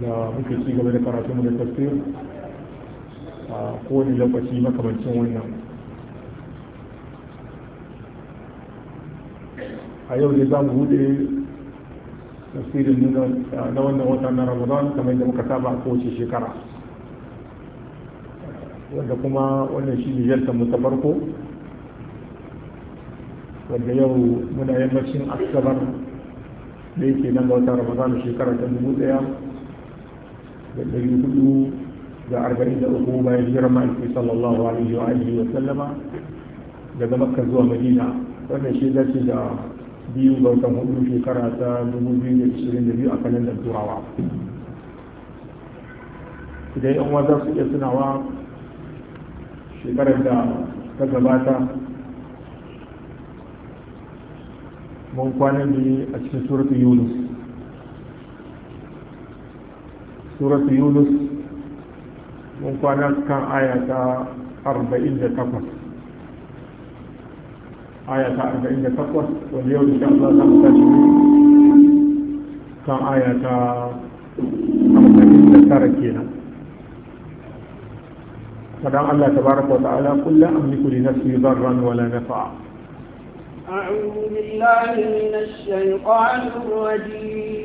da muke ci gaba da karatu mu da tafsir a kowane lokaci makamancin wannan a yau ne za mu bude tafsirin na wannan wata na ramadan kamar yadda muka saba kowace shekara wanda kuma wannan shi ne yarta mu ta farko wanda yau muna yammacin asabar da yake nan ga wata ramadan shekara ta dubu ɗaya. da ɗari hudu da arba'in da uku bayan hijirar ma'aiki sallallahu alaihi wa alihi wa sallama daga makka zuwa madina wannan shi dace da biyu ga watan hudu shekara ta dubu biyu da ishirin da a kalandar turawa idan yan uwa za su iya tunawa shekarar da ta gabata mun kwanan ne a cikin suratul yunus suratu yunus mun kwana kan aya ta 48 aya 48 wanda yau da sha Allah za mu ta 49 kenan فدعا الله تبارك وتعالى قل لا أملك لنفسي ضرا ولا نفعا أعوذ بالله من الشيطان الرجيم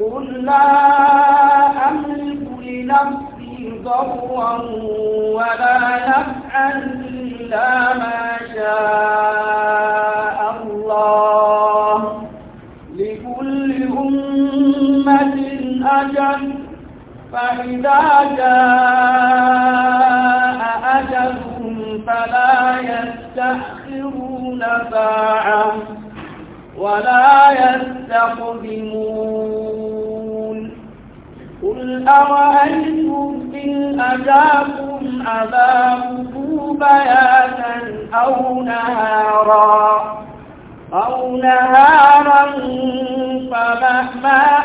قل لا أملك لنفسي ضرا ولا نفعا إلا ما شاء الله لكل أمة أجل فإذا جاء أجلهم فلا يستأخرون ساعة ولا يستقدمون قل أرأيتم إن أتاكم عذابه بياتا أو نهارا أو نهارا فمهما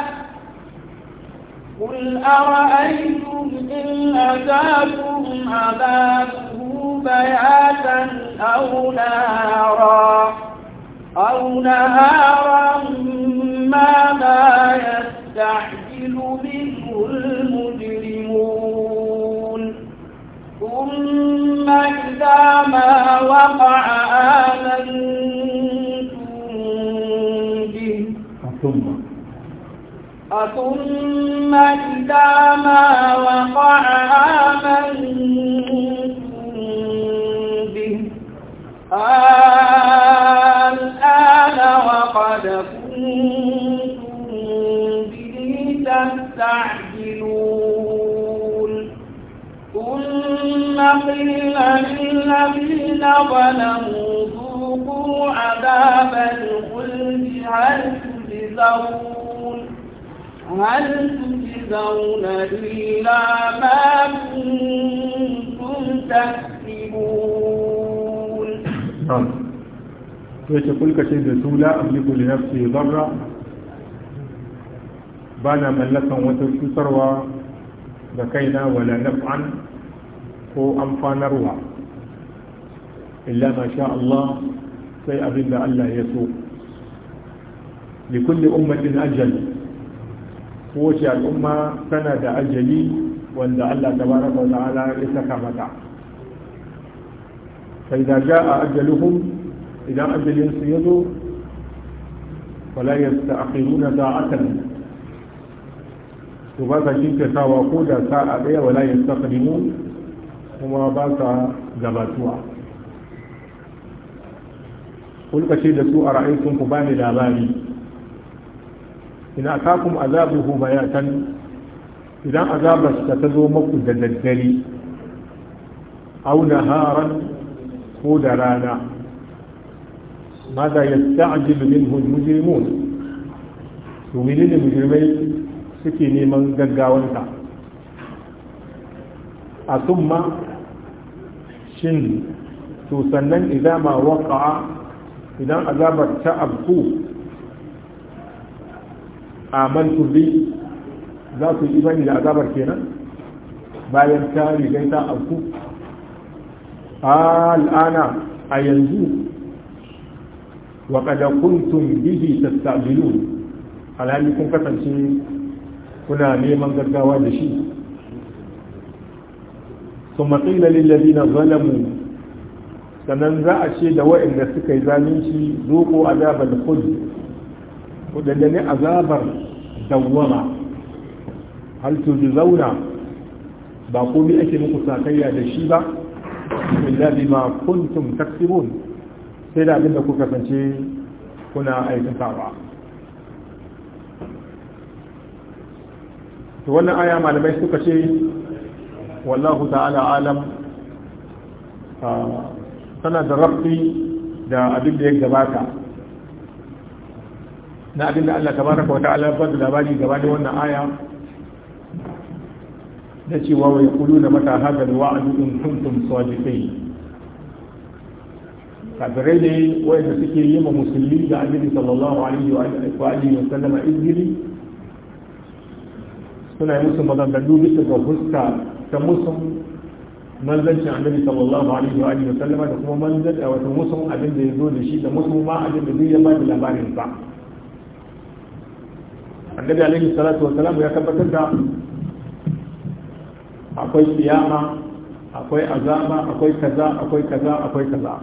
قل أرأيتم إن أتاكم عذابه بياتا أو نهارا أو نهارا ماذا يسر يستعجل منه المجرمون ثم إذا ما وقع آمنتم به ثم أثم إذا ما وقع آمنتم به الآن وقد كنتم تستعجلون ثم قيل للذين ظلموا ذوقوا عذاب الخلد هل تجزون هل تجزون إلا ما كنتم تكسبون. نعم. ويقول كشيء لا أملك لنفسي ضرا ba na mallakan wata cutarwa da kaina wala naf'an ko amfanarwa illa ma sha Allah sai abin da Allah ya so li kulli ummatin ajal kowace al'umma tana da ajali wanda Allah tabaraka wa ta'ala ya saka mata fa idza jaa ajaluhum idan ajalin su yazo fala yasta'khiruna da'atan to ba sa jinkirtawa ko da sa'a ɗaya wala ya stakadimu kuma ba sa gabatuwa kulka ce da su a ra'ayin ku ba ni labari ina kakum azabuhu bayatan idan azabarsa ta zo maku da daddare au naharan ko da rana ماذا يستعجل منه المجرمون ومنين المجرمين suke neman gaggawanka a summa shin to sannan idan ma waka idan azabar ta abu a bi za su yi imani da azabar kenan bayan ta rigai ta A al'ana a yanzu wa kada kuntun bihi alhali kun kasance kuna neman gaggawa da shi ثم قيل للذين zalamu sannan za a ce da waɗanda suka yi zalunci zuƙo azabar kud waɗanda ne azabar dawwama hal tuju zauna ba komai ake muku sakayya da shi ba illa bima kuntum taksibun sai da abinda kuka kasance kuna aikatawa to wannan aya malamai suka ce wallahu ta'ala alam tana da rafi da abin da ya gabata na abin da Allah tabaraka wa ta'ala ba da labari gaba da wannan aya da cewa wa yaquluna mata hadha wa'adu in kuntum sadiqin kafirai ne wanda suke yi ma musulmi da annabi sallallahu alaihi wa alihi wa sallama izini suna yi musu maganganu bisa ga fuska ta musu manzancin annabi sallallahu alaihi wa alihi wasallama da kuma manzan da eh, wata musu abin da ya zo da shi da musu ma abin da zai ya ba da labarin sa annabi alaihi salatu wa salam ya tabbatar da akwai kiyama akwai azama akwai kaza akwai kaza akwai kaza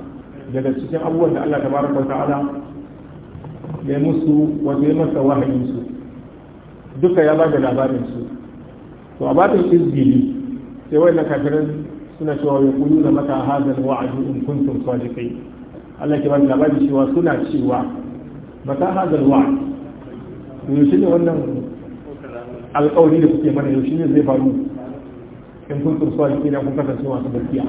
daga cikin abubuwan da Allah tabaraka wa ta'ala ya musu wato ya masa wahayin su duka ya ba da labarin su to a batin izgili sai na kafirin suna cewa ya kulu na maka hazan wa'adu in kuntum sadiqin Allah ke bani labari cewa suna cewa maka hazan wa'ad yaushe ne wannan alƙawari da kuke mana yaushe ne zai faru in kuntum na kun kasance masu gaskiya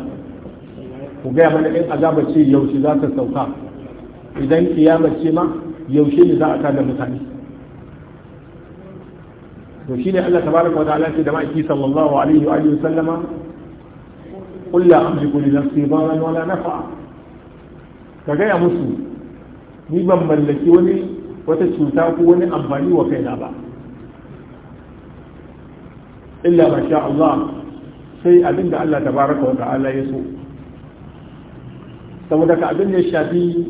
ku gaya mana in azaba ce yaushe za ta sauka idan kiyama ce ma yaushe ne za a tada mutane to shine Allah tabaraka wa ta'ala ce da ma'aiki sallallahu alaihi wa sallama qul amliku li nafsi dharran wala naf'a ka gaya musu ni ban mallaki wani wata cuta ko wani amfani wa kaina ba illa ma sha Allah sai abin da Allah tabaraka wa ta'ala ya so saboda ka abin da ya shafi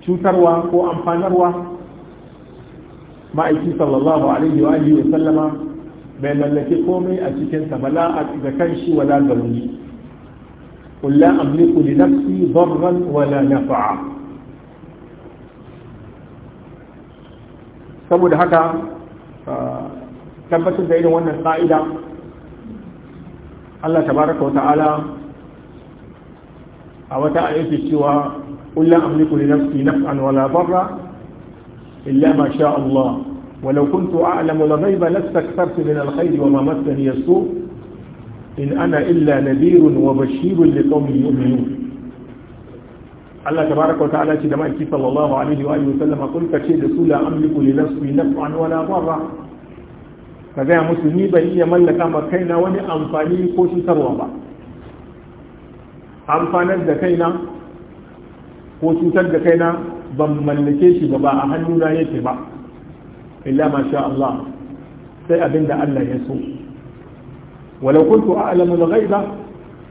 cutarwa ko amfanarwa ma'aiki sallallahu alaihi wa alihi wa sallama bai mallaki komai a cikinsa ba la ga kanshi wala ga wani قل لا أملك لنفسي ضرا wala نفعا saboda haka ah, tabbatar da irin wannan ƙa'ida Allah tabaraka wa ta'ala a wata ayyuki cewa ƙulla amliku li nafsi naf'an wala barra إلا ما شاء الله ولو كنت أعلم الغيب لاستكثرت من الخير وما مسني السوء إن أنا إلا نذير وبشير لقوم يؤمنون Allah tabaraka wa ta'ala ce da ma'aiki sallallahu wa alihi sallama kun ka ce da su la amliku li ka musu ni ban iya mallaka ma kaina wani amfani ko cutarwa ba amfanar da kaina ko cutar da kaina ban mallake shi ba ba a hannuna yake ba illa ma sha Allah sai abin da Allah ya so walau kuntu a'lamu al-ghaiba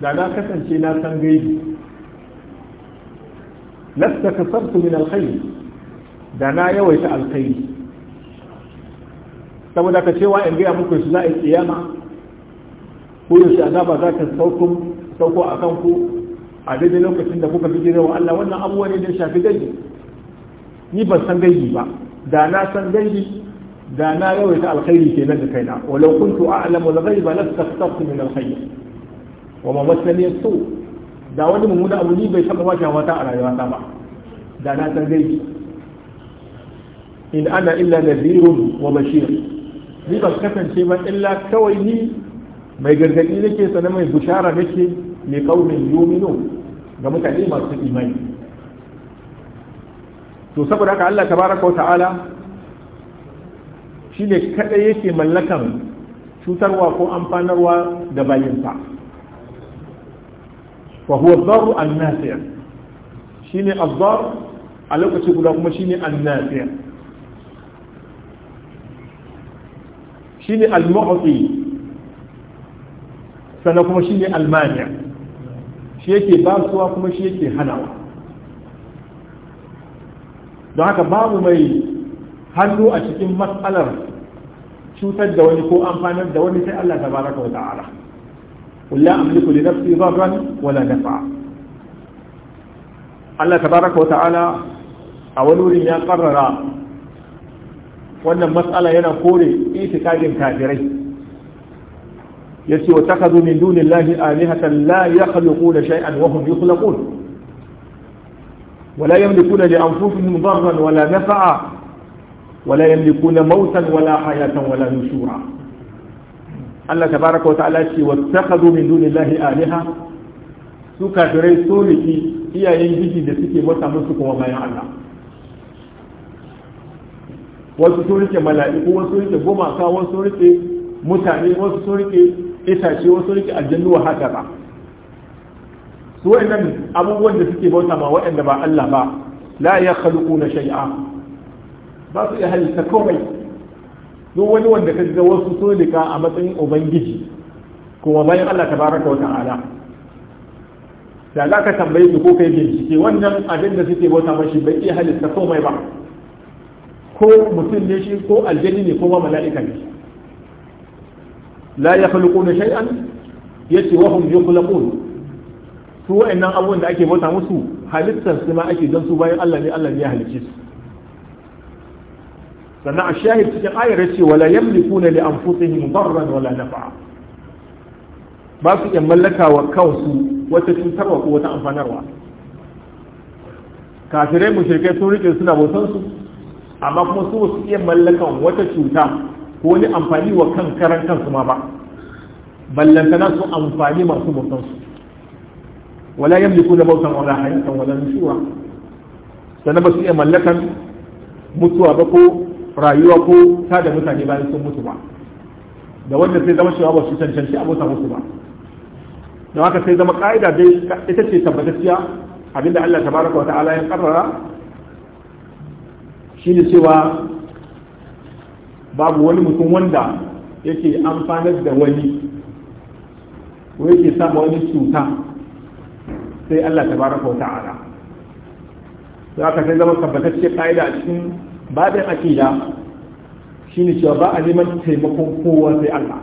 da na kasance na san gaibi lasta kasartu min al-khair da na yawaita alkhairi saboda ka cewa in gaya muku shi za a yi kiyama ko azaba za ta sauko a kanku a daidai lokacin da kuka fi jirewa Allah wannan abubuwa ne da shafi gaji ni ban san gaibi ba da na san gaibi da na yawaita alkhairi ke nan da kaina walau kuntu a'lamu al-ghaiba lastaghfartu min al-khayr wa ma masani su da wani mummuna abu ni bai taba wace wata a rayuwata ba da na san gaibi in ana illa nadhirun wa bashir ni ban kasance ba illa kawai ni mai gargadi nake sanan mai bushara nake mai kaumin yuminu ga mutane masu imani to saboda haka Allah tabaraka wa ta'ala shine kada yake mallakan cutarwa ko amfanarwa da bayinsa wa huwa dhar darru an-nafi' shine ad a lokaci guda kuma shine an-nafi' shine al-mu'ti sannan kuma shine al-mani' shi yake basuwa kuma shi yake hanawa don haka babu mai hannu a cikin matsalar cutar da wani ko amfanar da wani sai Allah tabaraka wa ta'ala qul la amliku li nafsi dharran wa la nafa'a Allah tabaraka wa ta'ala a wani wurin ya karrara wannan matsala yana kore itikadin kafirai yace wa takhadhu min dunillahi alihatan la yakhluquna shay'an wa hum yukhlaqun ولا يملكون لأنفسهم ضرا ولا نفعا ولا يملكون موتا ولا حياة ولا نشورا الله تبارك وتعالى واتخذوا من دون الله آلهة su kafirai so iyayen gidi da suke mata musu bayan Allah wasu sun rike mala'iku wasu rike gumaka wasu rike mutane wasu sun rike itace wasu rike aljannu wa haka ba su wa'annan abubuwan da suke bauta ma wa'anda ba Allah ba la ya na shay'a ba su iya halitta komai duk wani wanda ka ga wasu solika a matsayin ubangiji kuma bayan Allah tabaraka wa ta'ala da za ka tambaye su ko kai bincike wannan abin da suke bauta shi bai iya halitta komai ba ko mutum ne shi ko aljani ne ko ma mala'ika ne la ya khuluquna shay'an yace wa hum yukhlaqun su wa'annan abubuwan da ake bauta musu halittar su ma ake don su bayan Allah ne Allah ne ya halicce su sannan a shahid cikin ayar ce wala yamlikuna li anfusihim darran wala nafa'a ba su iya mallaka wa kansu wata cutarwa ko wata amfanarwa kafirai mushrikai sun rike suna bautan su amma kuma su su iya mallaka wata cuta ko wani amfani wa kan karan kansu ma ba ballantana su amfani masu bautan su wala يملكون موتا wala حياة ولا nushura sannan ba su iya mallakan mutuwa ba ko rayuwa ko tada mutane bayan sun mutu ba da wanda sai zama cewa ba su cancanci abota musu ba don haka sai zama ka'ida dai ita ce tabbatacciya abinda Allah tabaraka wa ta'ala ya karrara shine cewa babu wani mutum wanda yake amfanar da wani ko yake sa wani cuta sai Allah ta tabaraka wa ta'ala Za ka sai zama tabbatacce ƙa'ida a cikin babin shi ne cewa ba a neman taimakon kowa sai Allah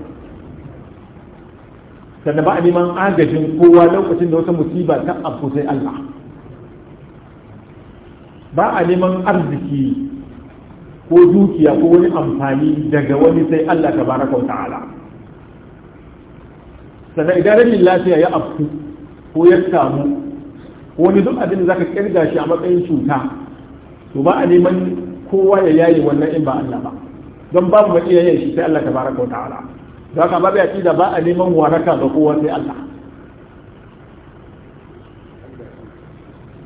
sannan ba a neman agajin kowa lokacin da wata musiba ta abu sai Allah ba a neman arziki ko dukiya ko wani amfani daga wani sai Allah ta tabaraka wa ta'ala sannan idan rashin lafiya ya afku ko ya samu ko wani duk abin da zaka kirga shi a matsayin cuta to ba a neman kowa ya yaye wannan in ba Allah ba don babu mai iya yin shi sai Allah tabaraka wa ta'ala za ka ba bai da ba a neman waraka ga kowa sai Allah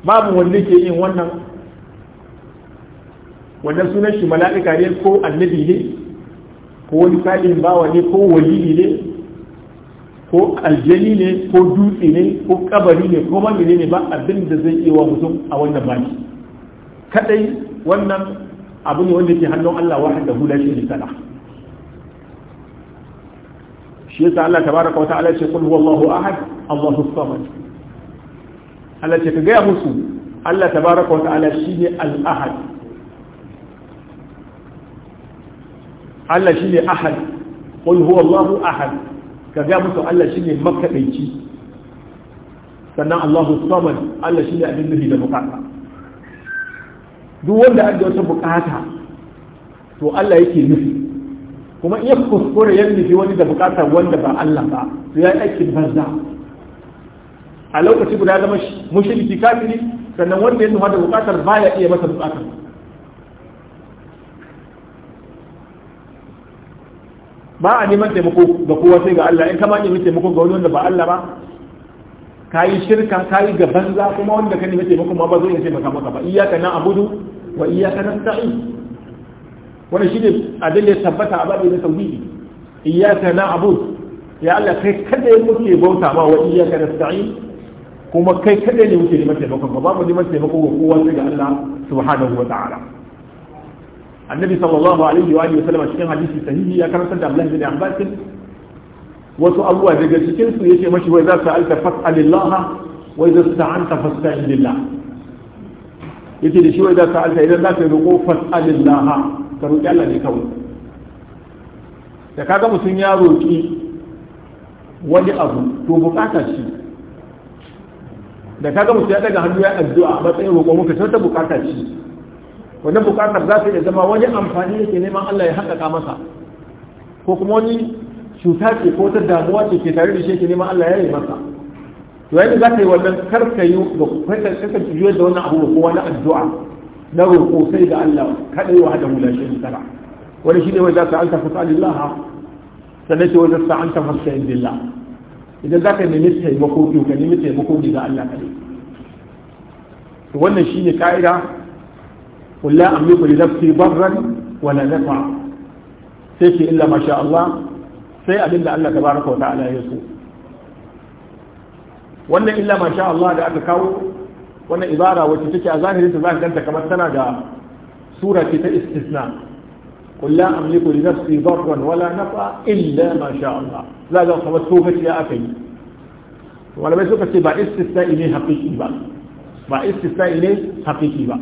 babu wanda ke yin wannan wannan sunan shi mala'ika ne ko annabi ne ko wani salihin bawa ne ko wali ne ko aljani ne ko dutse ne ko kabari ne ko mamine ne ba abin da zai iya wa mutum a wannan baki kadai wannan abu ne wanda ke hannun Allah wahda hula shi ne sana shi yasa Allah tabaraka wa ta'ala ce kul huwallahu ahad Allahu samad Allah ce ka gaya musu Allah tabaraka wa ta'ala shine al-ahad Allah shine ahad qul huwallahu ahad ka ga musu Allah shine makadaici sannan Allahu samad Allah shine abin nufi da bukata duk wanda an wata bukata to Allah yake nufi kuma iya kuskure ya nufi wani da bukata wanda ba Allah ba to ya yi aikin banza a lokaci guda zama mushriki kafiri sannan wanda ya nufa da bukatar baya iya masa bukatar ba a neman taimako ga kowa sai ga Allah in kama neman taimako ga wani wanda ba Allah ba ka yi shirka ka yi ga banza kuma wanda ka neman taimako ma ba zai iya taimaka maka ba iyaka na abudu wa iyaka na ta'i. wannan shine abin da tabbata a babu na tauhidi iyaka na abud ya Allah kai kada muke bauta ma wa iyaka na ta'i kuma kai kada ne muke neman taimako ba babu neman taimako ga kowa sai ga Allah subhanahu wa ta'ala annabi sallallahu alaihi wa sallam cikin hadisi sahihi ya karanta da Abdullah bin Abbas wasu abubuwa daga cikin su yace mashi wai za ka alta fas'alillah wa idza sta'anta fasta'in billah yace da shi wai za ka alta idan za ka roƙo fas'alillah ka roƙi Allah ne kawai da kaga mutum ya roƙi wani abu to bukata shi da kaga mutum ya daga hannu ya addu'a matsayin roƙon muka sai ta bukata shi wannan bukatar za ta iya zama wani amfani yake neman Allah ya haƙaƙa masa ko kuma wani cuta ce ko ta damuwa ce ke tare da shi yake neman Allah ya yi masa to yayin za ka yi wannan karka yi ga karka juyar da wannan abu ko wani addu'a na roƙo sai ga Allah kada yi wa hada mula shi tara wani shi ne wai za ka anta fasalillah sannan ce wai za ka anta fasalillah idan za ka nemi taimako to ka nemi taimako daga Allah kadai to wannan shine ka'ida قل لا أملك لنفسي ضرا ولا نفعا سيكي إلا ما شاء الله سيأل إلا الله تبارك وتعالى يسوع wannan illa ma da aka kawo wannan ibara wacce take a zahirin ta za ka ganta kamar tana da sura ce ta istisna qul la amliku li nafsi wala nafa illa ma za ga kamar tokaci ya aka yi malamai suka ce ba ba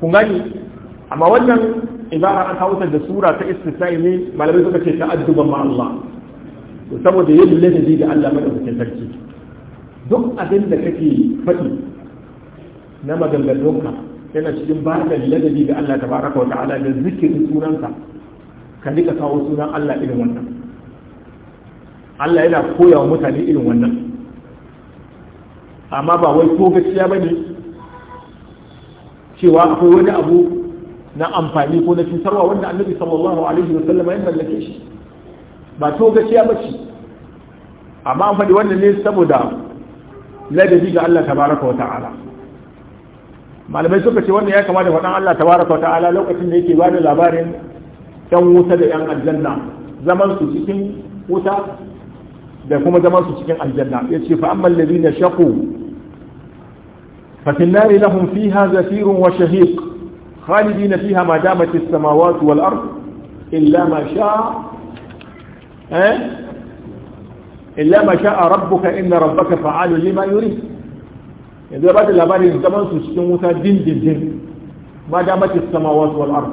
ku gani amma wannan ibara an kawo da sura ta istisna'i ne malamai suka ce ta'adduban ma Allah to saboda yin ladabi da Allah madaukakin sarki duk abin da kake faɗi na maganganunka yana cikin ba da ladabi da Allah tabaraka wa ta'ala da zikirin sunansa ka dika kawo sunan Allah irin wannan Allah yana koyawa mutane irin wannan amma ba wai ko gaskiya bane cewa akwai wani abu na amfani ko na cutarwa wanda annabi sallallahu alaihi wa sallama ya mallake shi ba to gaciya ba ce amma an faɗi wannan ne saboda ladabi ga Allah tabaraka wa ta'ala malamai suka ce wannan ya kama da faɗan Allah tabaraka wa ta'ala lokacin da yake bada labarin yan wuta da yan aljanna zaman su cikin wuta da kuma zaman su cikin aljanna yace fa ammal na shaqu ففي النار لهم فيها زفير وشهيق خالدين فيها ما دامت السماوات والأرض إلا ما شاء أه؟ إلا ما شاء ربك إن ربك فعال لما يريد إذا بعد الأبار الزمن سجموتا دين دين دين ما دامت السماوات والأرض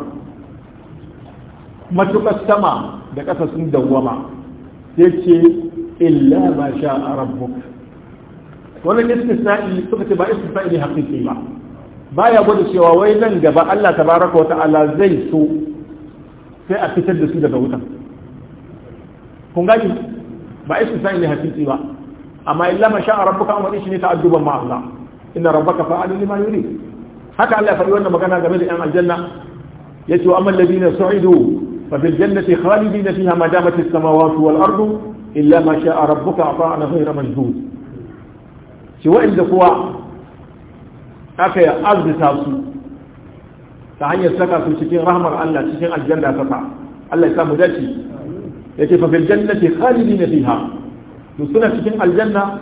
ما تبقى السماء دكاسة سندوما تيتي إلا ما شاء ربك wannan istisna'i suka ce ba istisna'i ne haƙiƙi ba baya gwada cewa wai nan gaba Allah tabaraka wa ta'ala zai so sai a fitar da su daga wutan kun gani ba istisna'i ne haƙiƙi ba amma illa ma sha'a rabbuka amma shi ne ta'adduban ma Allah inna rabbaka fa'alun lima yurid haka Allah ya faɗi wannan magana game da yan aljanna yace wa na alladhina su'idu fa fil jannati khalidina fiha ma damat as-samawati wal ardu illa ma sha'a rabbuka ata'ana ghayra majdud ce kowa kuwa aka yi arzita su ta hanyar saka su cikin rahmar Allah cikin aljanna ta fa Allah ya samu dace yake fa fil jannati khalidina fiha to suna cikin aljanna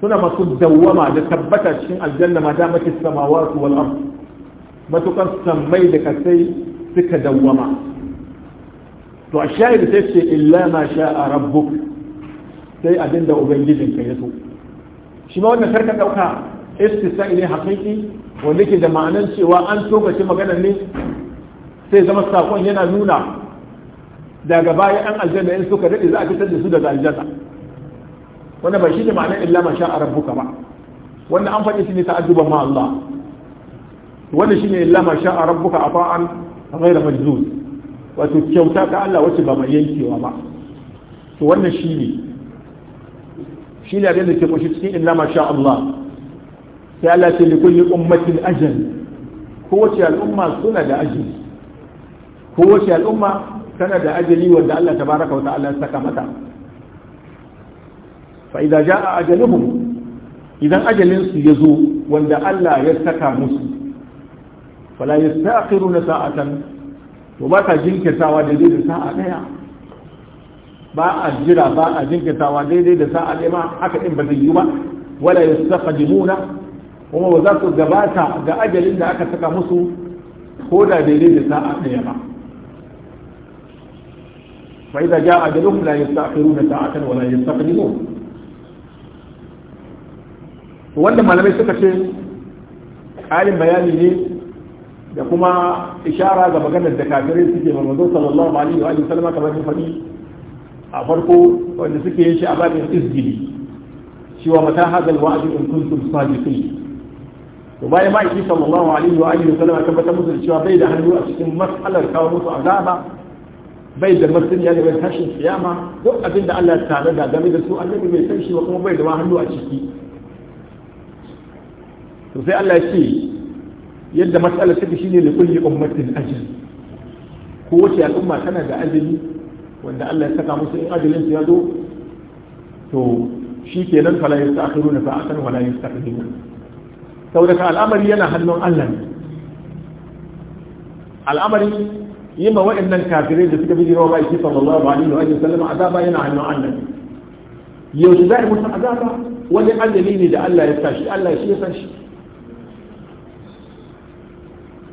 suna masu dawwama da tabbata cikin aljanna ma da mace samawati wal ard matukan sammai da kasai suka dawwama to a sai ce illa ma sha'a rabbuk sai abinda ka ya so shi ma wannan karka dauka istisna ne hakiki wanda ke da ma'anan cewa an tokace magana ne sai zama sakon yana nuna daga baya an aljanna in suka daɗe za a fitar da su daga aljanna wanda ba shi ne ma'anar illa ma sha rabbuka ba wanda an faɗi shi ne ta'adduban ma Allah wanda shi ne illa ma sha rabbuka afa'an ghayra majzuz wato kyauta ta Allah wacce ba mai yankewa ba to wannan shi ne shi ne abin da ke kunshi cikin inna masha Allah sai Allah ce li kulli ummatin ajal kowace al'umma suna da ajali kowace al'umma tana da ajali wanda Allah tabaraka wa ta'ala ya saka mata fa idza jaa ajaluhum idan ajalin su yazo wanda Allah ya saka musu fala yastakhiruna sa'atan to ba ka jinkirtawa da zai da sa'a daya ba a jira ba a jinkirtawa daidai da sa'a ne ma haka ɗin ba zai yi ba wala jimuna kuma ba za su gabata ga ajalin da aka saka musu ko da daidai da sa'a ɗaya ba fa idza jaa ajaluhum la yastakhiruna sa'atan wala yastaqdimun wanda malamai suka ce ƙarin bayani ne da kuma ishara ga maganar da kafirai suke manzo sallallahu alaihi wa sallam kamar fadi a farko wanda suke yin shi a babin izgili cewa mata hazal wa'adi in kuntum sadiqin to bayan ma iki sallallahu alaihi wa alihi wasallam tabbata musu cewa bai da hannu a cikin mas'alar kawo musu azaba bai da masaniya da bai tashin kiyama duk abin da Allah ya tare da game da su annabi bai san shi ba kuma bai da hannu a ciki to sai Allah ya ce yadda mas'alar take shine li kulli ummatin ajal kowace al'umma tana da ajali wanda Allah ya saka musu in ajalin su ya zo to shi ke nan fala ya sa'akiru na fa'akan wala ya sa'akiru saboda ka al'amari yana hannun Allah ne al'amari yi ma nan kafirai da suka bi jirawa ba iki ba alaihi wa sallama, azaba yana hannun Allah ne yaushe za a musu azaba wani ajali ne da Allah ya sa shi Allah shi ya san shi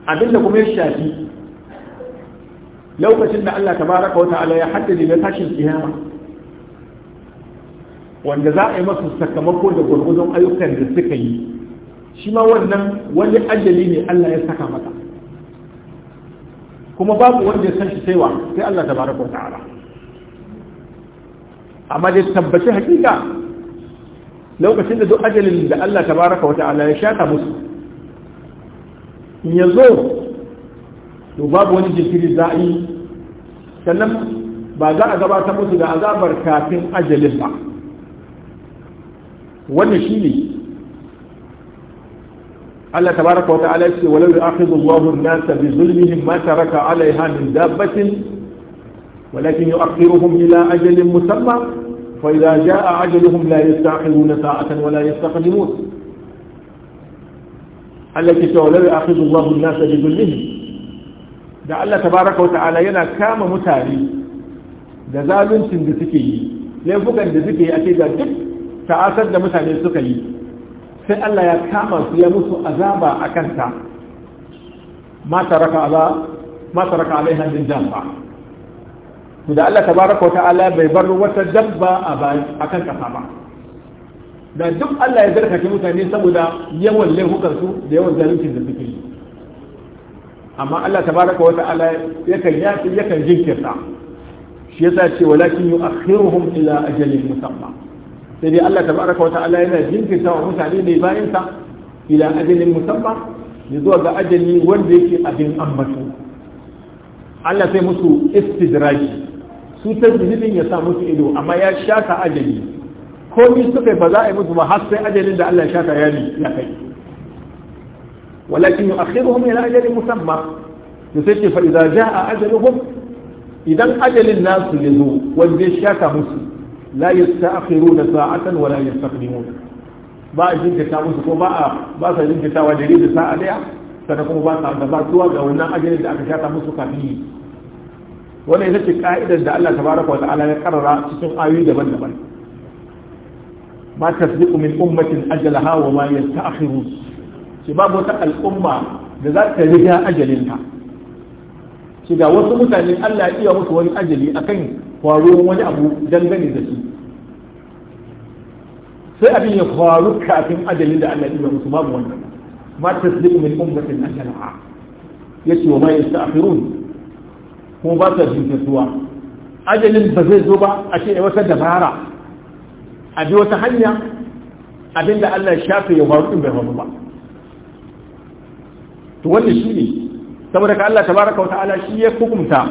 abinda kuma ya shafi lokacin da Allah ta baraka wa ta'ala ya haddade na tashin kiyama wanda za a yi masa sakamako da gwargwadon ayyukan da suka yi shi ma wannan wani ajali ne Allah ya saka mata kuma babu wanda ya san shi saiwa sai Allah ta baraka wa ta'ala amma dai tabbaci hakika lokacin da duk ajalin da Allah ta baraka wa ta'ala ya shata musu in ya zo to babu wani jinkiri za'i sannan ba za a gabatar musu da azabar kafin ajalin ba wannan shi ne Allah tabaraka wa ta'ala ce walau yu'akhidhu Allahu an-nasa bi zulmihim ma taraka 'alayha min dabbatin walakin yu'akhiruhum ila ajalin musamma fa idza jaa ajaluhum la yasta'khiruna sa'atan wa la yastaqdimun Allah ke ce walau yu'akhidhu Allahu an-nasa bi zulmihim da Allah tabaraka wa ta'ala yana kama mutane da zaluncin da suke yi laifukan da suke yi a ga duk ta'asar da mutane suka yi sai Allah ya kama su ya musu azaba a kanta ma taraka ala ma taraka alaiha jamba da Allah tabaraka wa ta'ala bai bar wata dabba a bayan akan kasa ba da duk Allah ya zarkake mutane saboda yawan laifukan su da yawan zaluncin da suke yi amma Allah tabaraka wata'ala yakan yafi yakan jinkirta shi yasa ce walakin yu'akhiruhum ila ajalin musamma sai dai Allah tabaraka wata'ala yana jinkirta wa mutane ne bayan sa ila ajalin musamma ya zuwa ga ajali wanda yake abin ambato Allah sai musu istidraji su ta tasbihin ya sa musu ido amma ya shaka ajali komai suka ba za a yi musu ba har sai ajalin da Allah ya shaka ya ya kai walakin yu'akhiruhum ila ajalin musamma yace fa idza jaa ajaluhum idan ajalin nasu ya zo wanda ya shaka musu la yasta'khiruna sa'atan wala yastaqdimuna ba a jinkata musu ko ba sa jinkatawa da da sa'a daya sannan kuma ba sa ga wannan ajalin da aka shata musu kafin yi wannan ita ce ka'idar da Allah tabaraka wa ta'ala ya karara cikin ayoyi daban-daban ma tasbiqu min ummatin ajalaha wa ma yasta'khirun ce babu wata al'umma da za ta riga ajalinta ce ga wasu mutane Allah ya iya musu wani ajali akan faruwar wani abu dangane da su sai abin ya faru kafin ajalin da Allah ya iya musu babu wannan ma tasdiqu min ummatin ajalaha yace wa ma yasta'khirun kuma ba ta jinkirtuwa ajalin ba zai zo ba a ce wata dabara a bi wata hanya abinda Allah ya shafe ya faru din bai faru ba to wannan shi ne saboda ka Allah tabaraka wa ta'ala shi ya hukunta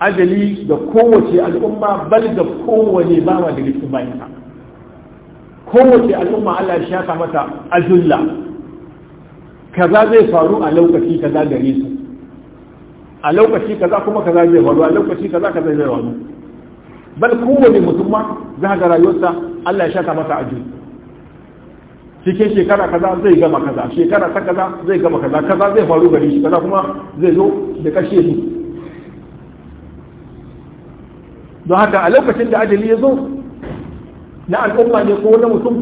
ajali da kowace al'umma bal da kowane bawa da cikin bayansa kowace al'umma Allah ya shafa mata ajulla kaza zai faru a lokaci kaza gare su a lokaci kaza kuma kaza zai faru a lokaci kaza kaza zai faru bal kowane mutum ma za ga rayuwarsa Allah ya shafa mata ajulla cikin shekara kaza zai gama kaza shekara ta kaza zai gama kaza kaza zai faru gari shi kaza kuma zai zo da kashe shi don haka a lokacin da ajali ya zo na al'umma ne ko na mutum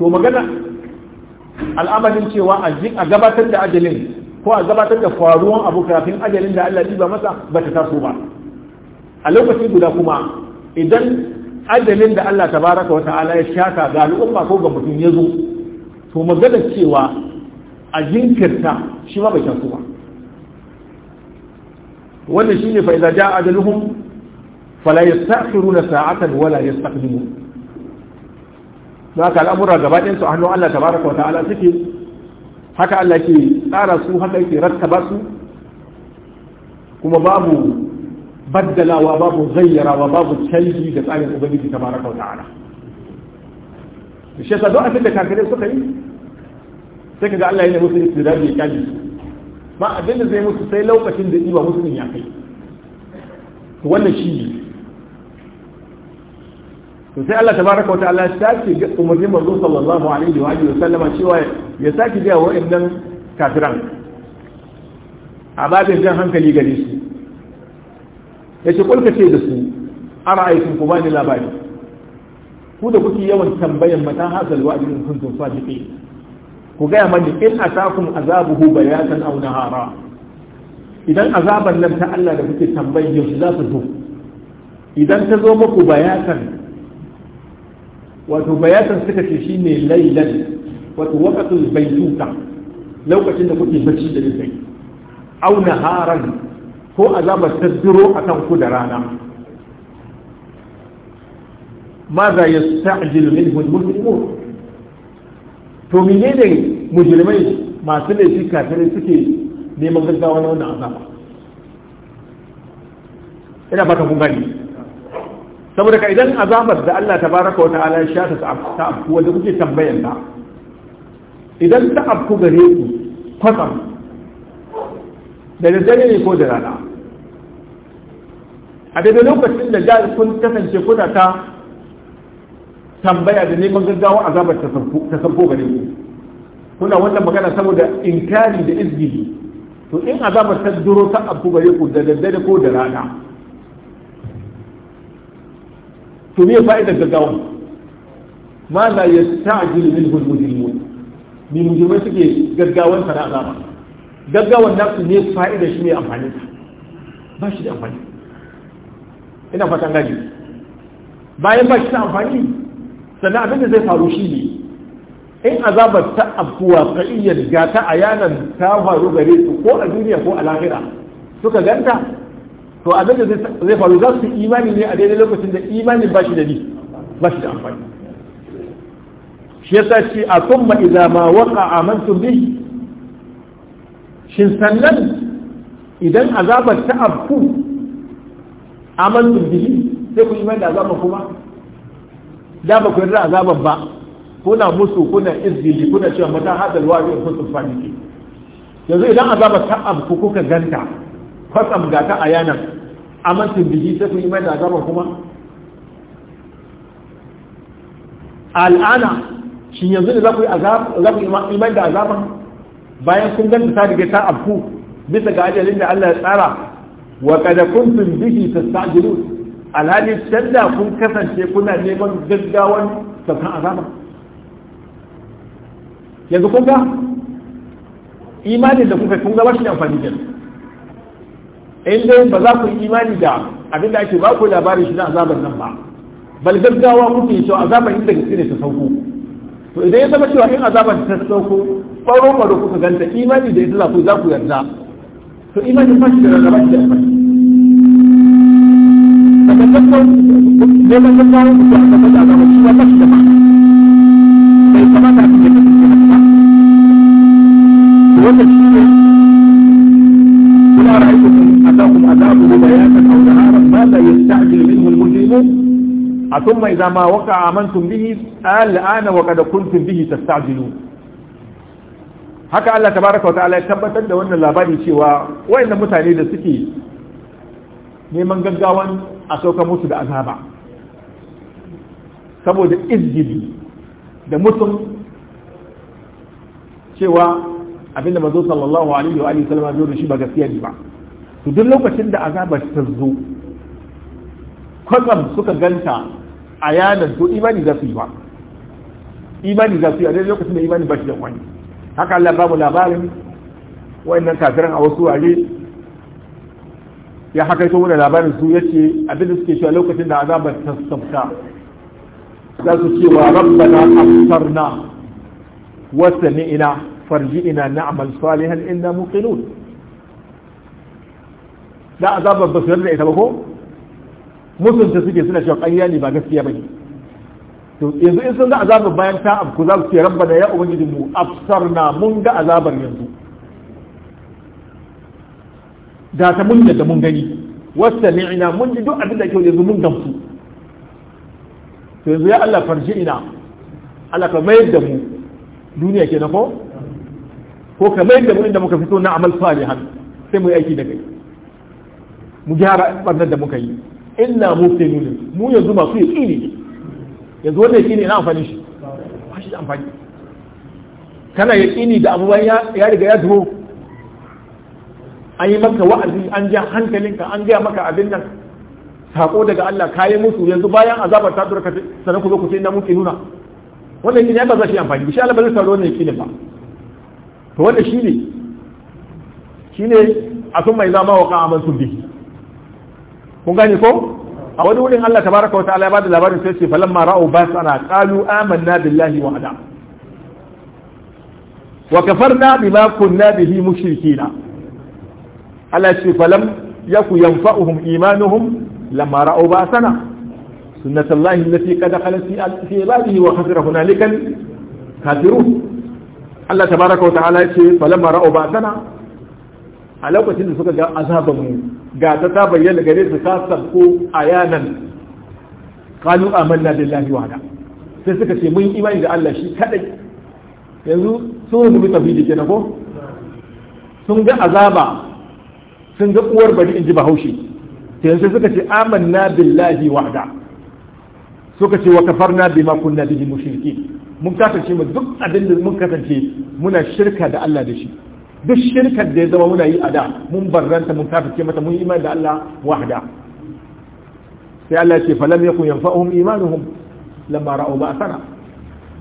to magana al'amarin cewa a gabatar da ajalin ko a gabatar da faruwan abu kafin ajalin da Allah ba masa ba ta taso ba a lokacin guda kuma idan ajalin da Allah Ta baraka wa ta'ala ya shaka ga al'umma ko ga mutum ya zo to magana cewa a jinkirta shi ma bai taso ba wannan shine fa idza jaa ajaluhum fala yastakhiruna sa'atan wala za haka al'amura gaba ɗayan su a hannun Allah baraka wa ta'ala suke haka Allah ke tsara su haka yake rattaba su kuma babu بدل وباب غير وباب تشجي ده قال ابي تبارك وتعالى الشيخ ادو افيد لك كده سوك اي سيك ده الله ينه مسلم استدراج يكاد ما ابن زي مسلم سي لوقتين دي يبقى إيوه مسلم يا اخي وانا شيء وسي الله تبارك وتعالى ساكي امر من الله صلى الله عليه واله وسلم شيوا يا ساكي ده هو ابن كافرن ابا ده جهنم كلي غريسي ya ce kulka ce da su ara aikin ku bani labari ku da kuke yawan tambayan mata hasal wa ajin kuntum sadiqi ku gaya mani in atakum azabuhu bayatan aw nahara idan azaban nan ta Allah da kuke tambayan yau za su zo idan ta zo muku bayatan wato bayatan suka ce shi ne laylan wato waqtul baytuta lokacin da kuke bacci da dare aw naharan ko azabar ta duro a kan ku da rana maza ya sta'jil minhu al-mujrimun to ne mujrimai masu laifi kafin suke neman gaggawa na wannan azaba ina baka kun gani saboda ka idan azabar da Allah ta wa ta'ala ya shata ta afku wanda kuke tambayar ta idan ta afku gare ku kwatsam da daddare ne ko da rana a daidai lokacin da jari kun kasance kuna ta tambaya da neman gaggawa azabar ta sabbo gare ku kuna wannan magana saboda inkari da izgili to in a azabar ta duro ta abu gare ku da daddare ko da rana to me fa'idar gaggawa ma la yasta'jilu minhu al-mujrimun mai mujrimai suke gaggawan sana'a azaba gaggawan nasu ne fa'idar shi ne amfanin ba shi da amfani ina fatan gani bayan ba shi ta amfani sannan abin da zai faru shi ne in azabar ta afkuwa ka iya riga ta a yanan ta faru gare su ko a duniya ko a lahira suka ganta to abin da zai faru za su imani ne a daidai lokacin da imanin ba shi da ni ba shi da amfani shi yasa ce a kuma idza ma waqa amantu bi shin sannan idan azabar ta afku amantun bihi sai ku imani da azaba kuma da ba ku yarda azaban ba kuna musu kuna izgili kuna cewa mata hadal wa'i in kuntum sadiqin yanzu idan azaba ta abku kuka ganta kwatsam ga ta ayana amantun bihi sai ku imani da azaban kuma al'ana shi yanzu da za ku yi iman da azaban bayan kun ganta ta riga ta abku bisa ga ajalin da Allah ya tsara wa kada kuntum bihi tastajilun alhali shadda kun kasance kuna neman gaggawan saukan azaba yanzu kun ga imanin da kuka kun ga shi amfani da in dai ba za ku imani da abin da ake ba ku labarin shi na azabar nan ba bal gaggawa ke cewa azabar inda gaske ne ta sauko to idan ya zama cewa in azabar ta sauko ɓaro ɓaro kuka ganta imani da ita za ku za ku yarda فإما يفشل أنا بدي أفكر فتفكر لما تفكر وتعتقد أنا مشروع مجتمع كيف ما تعتقد المجتمع وهذا الشيء ولا رأيتكم أتاكم أتاكم بياتا أو نهارا ماذا يستعجل منه المجرمون ثم إذا ما وقع آمنتم به قال الآن وقد كنتم به تستعجلون هكا الله تبارك وتعالى ta'ala ya tabbatar da wannan labari wayanda mutane da suke neman gaggawan a sauka musu da azaba saboda izgidi da mutum cewa abinda mazo sallallahu alaihi wa sallam zo da shi ba gaskiya ne ba to duk lokacin da azaba ta zo kwatsam suka ganta a yanar to imani za su yi ba imani za su yi a daidai lokacin da imani ba shi da wani haka Allah babu labarin wa'annan kafiran a wasu ware ya haka to wani labarin su ya ce abinda suke cewa lokacin da azabar ta sabta za su ce wa rabbana absarna wa sami'na farji'na na'mal salihan inna muqinun da azabar ba su yarda ita ba ko mutunta suke suna cewa ƙarya ne ba gaskiya ba ne to yanzu in sun ga azabar bayan ta afku za su ce rabbana ya ubangiji mu absarna mun ga azabar yanzu da ta mun da mun gani wasta ni'ina mun ji duk abin da kyau yanzu mun gamsu to yanzu ya Allah farji ina Allah ka mayar da mu duniya ke na ko ko ka mayar da mu inda muka fito na amal salihan sai mu yi aiki da kai mu gyara barnar da muka yi inna muftinun mu yanzu masu yi ne yanzu wannan yaqini ina amfani shi ba shi da amfani kana yaqini da abubuwan ya riga ya duro an yi maka wa'azi an ja hankalinka an gaya maka abin nan sako daga Allah kayi musu yanzu bayan azabar ta dura sanan ku zo ku ce muke nuna wannan ne ya ba za shi amfani bi shi Allah ba zai sauro ne kinin ba to wannan shine shine a sun mai zama wa ka'aman su bihi kun gane ko a wani wurin Allah tabaraka wa ta'ala ya bada labarin sai ce falamma ra'u basana qalu amanna billahi wa adam wa kafarna bima kunna bihi mushrikina Allah ce falam yaku yanfa'uhum imanuhum lamma ra'u sana. sunnatullahi allati qad khalat fi ibadihi wa khasira hunalika kafirun Allah tabaraka wa ta'ala ce falamma ra'u sana. a lokacin da suka ga azaban mu ga ta ta bayyana gare su ta sabko ayanan qalu amanna billahi wahda sai suka ce mun imani da Allah shi kadai yanzu sun rubuta tafi da kenan ko sun ga azaba sun ga uwar bari in ji bahaushe ta yanzu suka ce amanna billahi wahda suka ce wa kafar kafarna bima kunna bihi mushriki mun kasance mu duk abin da mun kasance muna shirka da Allah da shi duk shirkar da ya zama muna yi a da mun barranta mun kafirce mata mun yi iman da Allah wahda sai Allah ce falam yakun yanfa'uhum imanuhum lamma ra'u ba'sana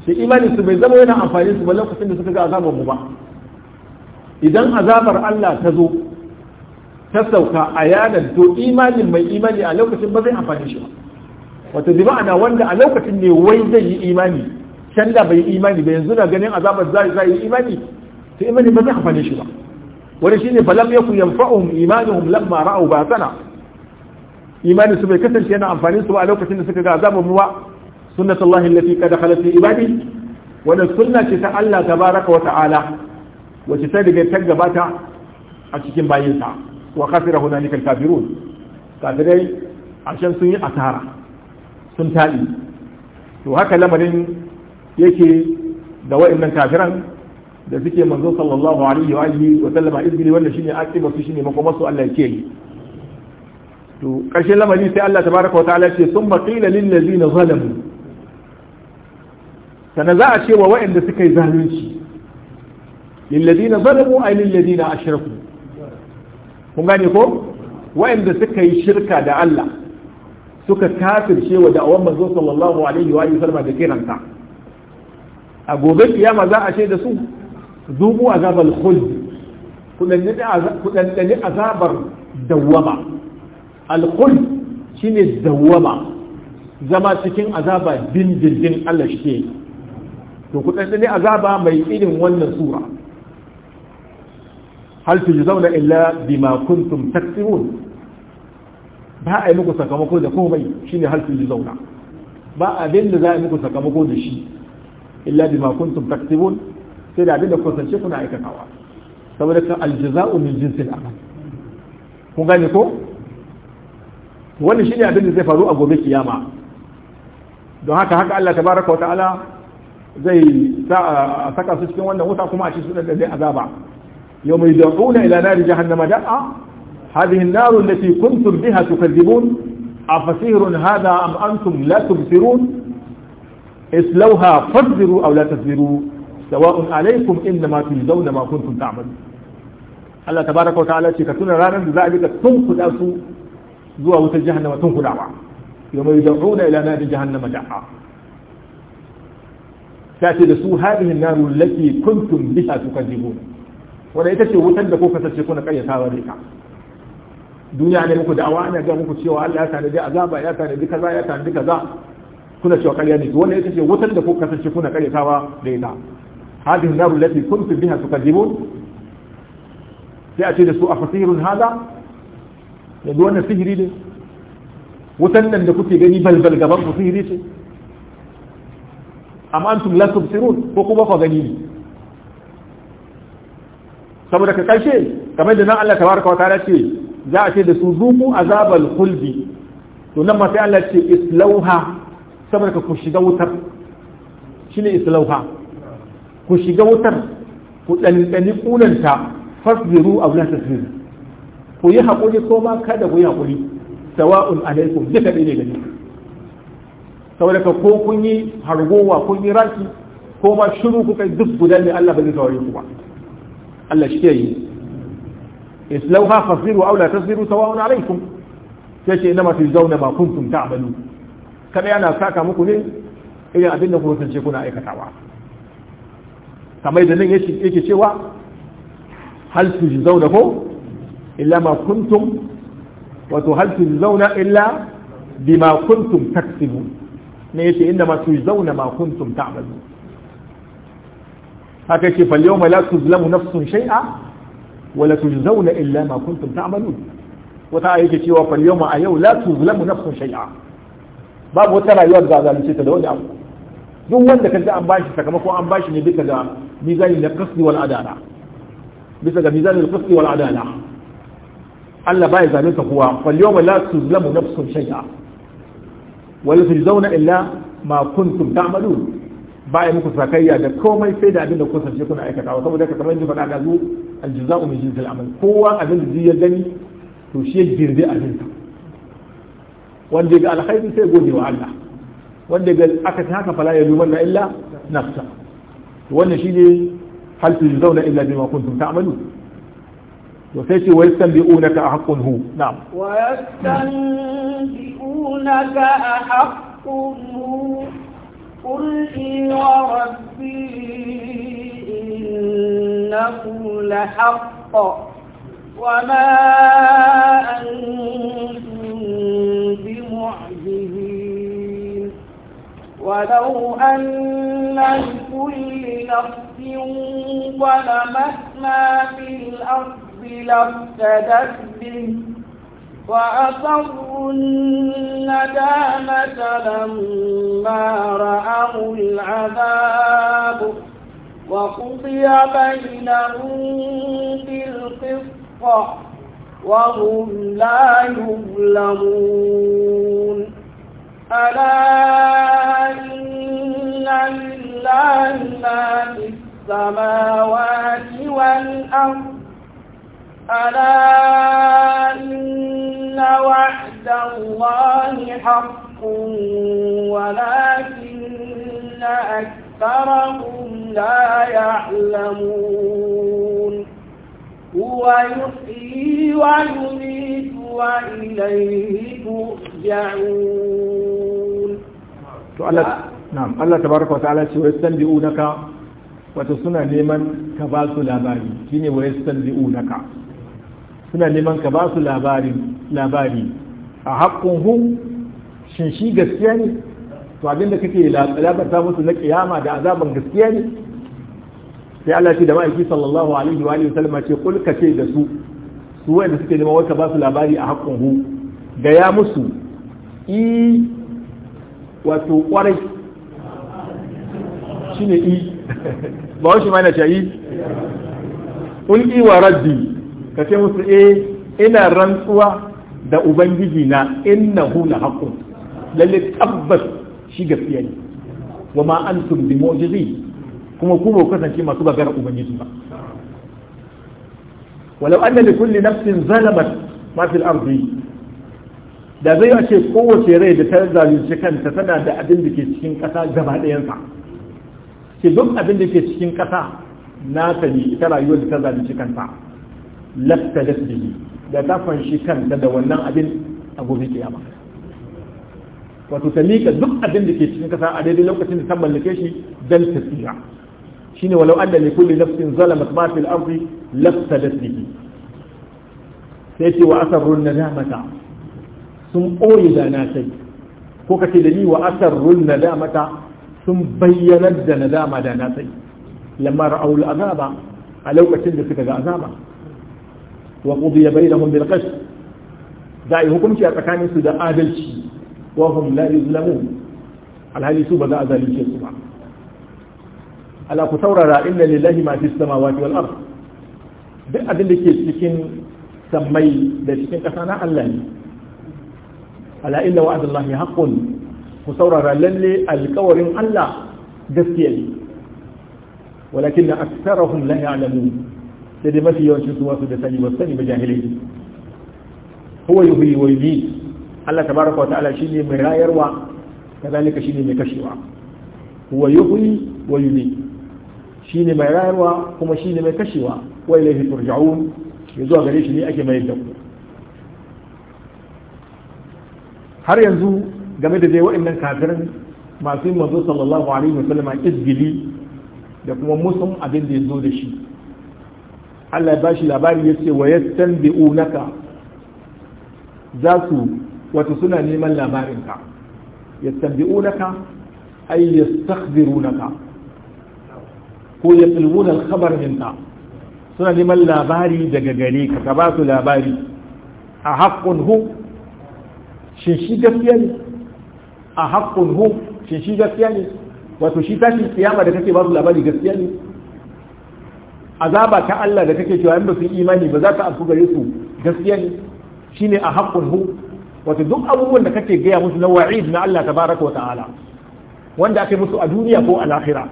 sai imanin su bai zama yana amfani su ba lokacin da suka ga azabar mu ba idan azabar Allah ta zo ta sauka a yanar to imanin mai imani a lokacin ba zai amfani shi ba wato bi ma'ana wanda a lokacin ne wai zai yi imani can da bai yi imani ba yanzu na ganin azabar zai zai yi imani to imani ba zai amfani shi ba wani shine falam yakun yanfa'uhum imanuhum lamma ra'u ba'sana imani su bai kasance yana amfani su ba a lokacin da suka ga azabar mu ba sunnatullahi allati qad khalat fi ibadi wannan sunna ce ta Allah tabaraka wa ta'ala wacce ta daga ta gabata a cikin bayinsa wa khasira hunalika al-kafirun kafirai a can sun yi asara sun taɗi to haka lamarin yake da wa'annan kafiran da suke manzo sallallahu alaihi wa alihi wa sallama izgili wannan shine akiba su shine makoma su Allah yake yi to karshen lamari sai Allah tabaraka wa ta'ala ce summa qila lil ladina zalamu sana za a ce wa wa'anda suka yi zalunci lil ladina zalamu ay lil ladina ashraku kun gane ko wa'anda suka yi shirka da Allah suka kafirce wa da'awan manzo sallallahu alaihi wa sallam da kiranta a gobe kiyama za a shaida su zubu azabal khuld kudandani azabar dawwama al khuld shine dawwama zama cikin azaba dindindin Allah shi to kudandani azaba mai irin wannan sura hal zauna illa bima kuntum taksibun ba a yi muku sakamako da komai shine hal zauna ba abin da za a yi muku sakamako da shi illa bima kuntum taksibun sai da abin da kusance kuna aikatawa saboda kan aljaza'u min jinsil amal kun gane ko wannan shine abin da zai faru a gobe kiyama don haka haka Allah tabaraka wa ta'ala zai sa a saka su cikin wannan wuta kuma a ci su da azaba يوم يدعون إلى نار جهنم جاء هذه النار التي كنتم بها تكذبون أفسير هذا أم أنتم لا تبصرون اسلوها فاصبروا أو لا تصبروا سواء عليكم إنما تجدون ما كنتم تعملون الله تبارك وتعالى شكتنا رانا بذلك تنقل الأسو ذو أوت جهنم تنقل أعوى يوم يدعون إلى نار جهنم جاء تأتي هذه النار التي كنتم بها تكذبون wanda ita ce wutar da ko kasance kuna karyatawa ne ka duniya ne muku da'awa ana ga muku cewa Allah ya tanadi azaba ya tanadi kaza ya tanadi kaza kuna cewa karya ne wanda ita ce wutar da ko kasance kuna karyatawa da ita hadin an lati kuntu biha tukadibun sai a ce da su a fasirun hada da wannan sihiri ne wutan nan da kuke gani balbal gaban ku sihiri ce amma antum la tubsirun ko kuma ku gani ne saboda ka karshe kamar da nan Allah tabaraka wa ta'ala ce za a ce da su zuku azabal khuldi to nan ma sai Allah ce islauha saboda ka ku shiga wutar shine islauha ku shiga wutar ku dandani kunanta fasbiru aw la tasbir ku yi hakuri ko ma kada ku yi hakuri sawa'un alaikum duka dai ne gani saboda ka ko kun yi hargowa kun yi raki ko ma shiru kai duk gudan ne Allah ba zai tawaye ku ba Allah shi yayi islauha fasiru aw la tasiru sawa'un alaikum sai ce inma tujzauna ma kuntum ta'malu kada yana saka muku ne irin abin da kuka ce kuna aikatawa kamar da nan yake cewa hal tujzauna ko illa ma kuntum wato hal tujzauna illa bima kuntum taksibu ne yace inma tujzauna ma kuntum ta'malu haka ce fal yawma la tuzlamu nafsun shai'a? wa la tujzauna illa ma kuntum ta'malun wata ayi ke cewa fal yawma a yau la tuzlamu nafsun shay'a babu wata rayuwa da zalunce ta da wani abu duk wanda kaga an bashi sakamako an bashi ne bisa ga mizani na qasdi wal adala bisa ga mizani na qasdi wal adala Allah baya zalunta kowa fal yawma la tuzlamu nafsun shai'a. wa la tujzauna illa ma kuntum ta'malun ba ya muku sakayya da komai sai da abin da kuka sace kuna wa saboda ka kamar yadda faɗa da zu aljaza'u min jinsil amal kowa abin da ya gani to shi ya girbe abin ta wanda ga alkhairi sai gode wa Allah wanda ga aka ta haka fala ya lumanna illa nafsa wannan shine hal tujzauna illa bima kuntum ta'malun to sai ce wai san bi'una ka haqqun hu na'am wa yastanbi'una ka hu قل وربي إنه لحق وما أنتم بمعجزين ولو أن لكل نفس ظلمت ما في الأرض لافتدت به وأصروا الندامة لما رأوا العذاب وقضي بينهم بالقسط وهم لا يظلمون ألا إن لله ما في السماوات والأرض ألا إن وعد الله حق ولكن أكثرهم لا يعلمون هو يحيي ويميت وإليه ترجعون نعم الله تبارك وتعالى ويستنبئونك wato suna neman ka ba su labari suna neman ka ba su labari a haƙƙun hu shin shi gaskiya ne to abin da kake labarta musu na kiyama da azaban gaskiya ne sai Allah ce da ma'aiki sallallahu alaihi wa alihi wasallam ce kul ka ce da su su wanda suke neman wata ba su labari a haƙƙun hu da ya musu i wato kwarai shine i ba wani shi ma yana ce i kul i wa ka ce musu eh ina rantsuwa da ubangiji na innahu hula haqqun lalle tabbas shi gaskiya ne wa ma antum bi mu'jizi kuma ku ba kasance masu bagara ubangiji ba walau anna li kulli nafsin zalamat ma fil ardi da zai a ce kowace rai da ta zalunci kanta tana da abin da ke cikin ƙasa gaba ɗayansa ce duk abin da ke cikin ƙasa na ta ne ita rayuwar da ta zalunci kanta lafta da da ta fanshi kanta da wannan abin a gobe kiyama wato ta mika duk abin da ke cikin kasa a daidai lokacin da ta mallake shi dan tafiya. shine walau anna li kulli nafsin zalamat ma fil ardi laftadat bihi sai ce wa asarrun nadamata sun ɓoye da na sai ko ce da ni wa asarrun nadamata sun bayyanar da nadama da na sai lamma ra'aul azaba a lokacin da suka ga azaba وقضي بينهم بالقسط دعي هكم في أتكاني سيدا آدل شي وهم لا يظلمون على هذه سوبة لا أذل شيء سبحانه على كثورة لا إلا لله ما في السماوات والأرض ده أدل شيء لكن سمي ده شيء كثانا على إلا وعد الله حق كثورة لا للي الكورين الله جسيا ولكن أكثرهم لا يعلمون sai dai mafi yawancin su wasu da sani ba sani ba jahilai huwa yuhyi wa yumiit Allah tabaraka wa ta'ala shine mai rayarwa kazalika shine mai kashewa huwa yuhyi wa shi shine mai rayarwa kuma shine mai kashewa wa ilayhi turja'un yanzu gare shi ne ake mai da ku har yanzu game da dai waɗannan kafirin masu yin manzo sallallahu alaihi wasallam izgili da kuma musun abin da ya zo da shi Allah ya bashi labari ya ce wa yastanbi'unaka za su wato suna neman labarinka ya ay naka ko minka suna neman labari daga gare ka ka ba su labari a haƙƙun hu shi gaskiya ne a haƙƙun hu shin shi gaskiya ne wato shi tashi kiyama da kake ba su labari gaskiya ne azaba ta Allah da kake cewa in ba su imani ba za ta afku gare su gaskiya ne shine a haƙƙun hu wato duk abubuwan da kake gaya musu na wa'id na Allah tabaraka wa ta'ala wanda aka yi musu a duniya ko a lahira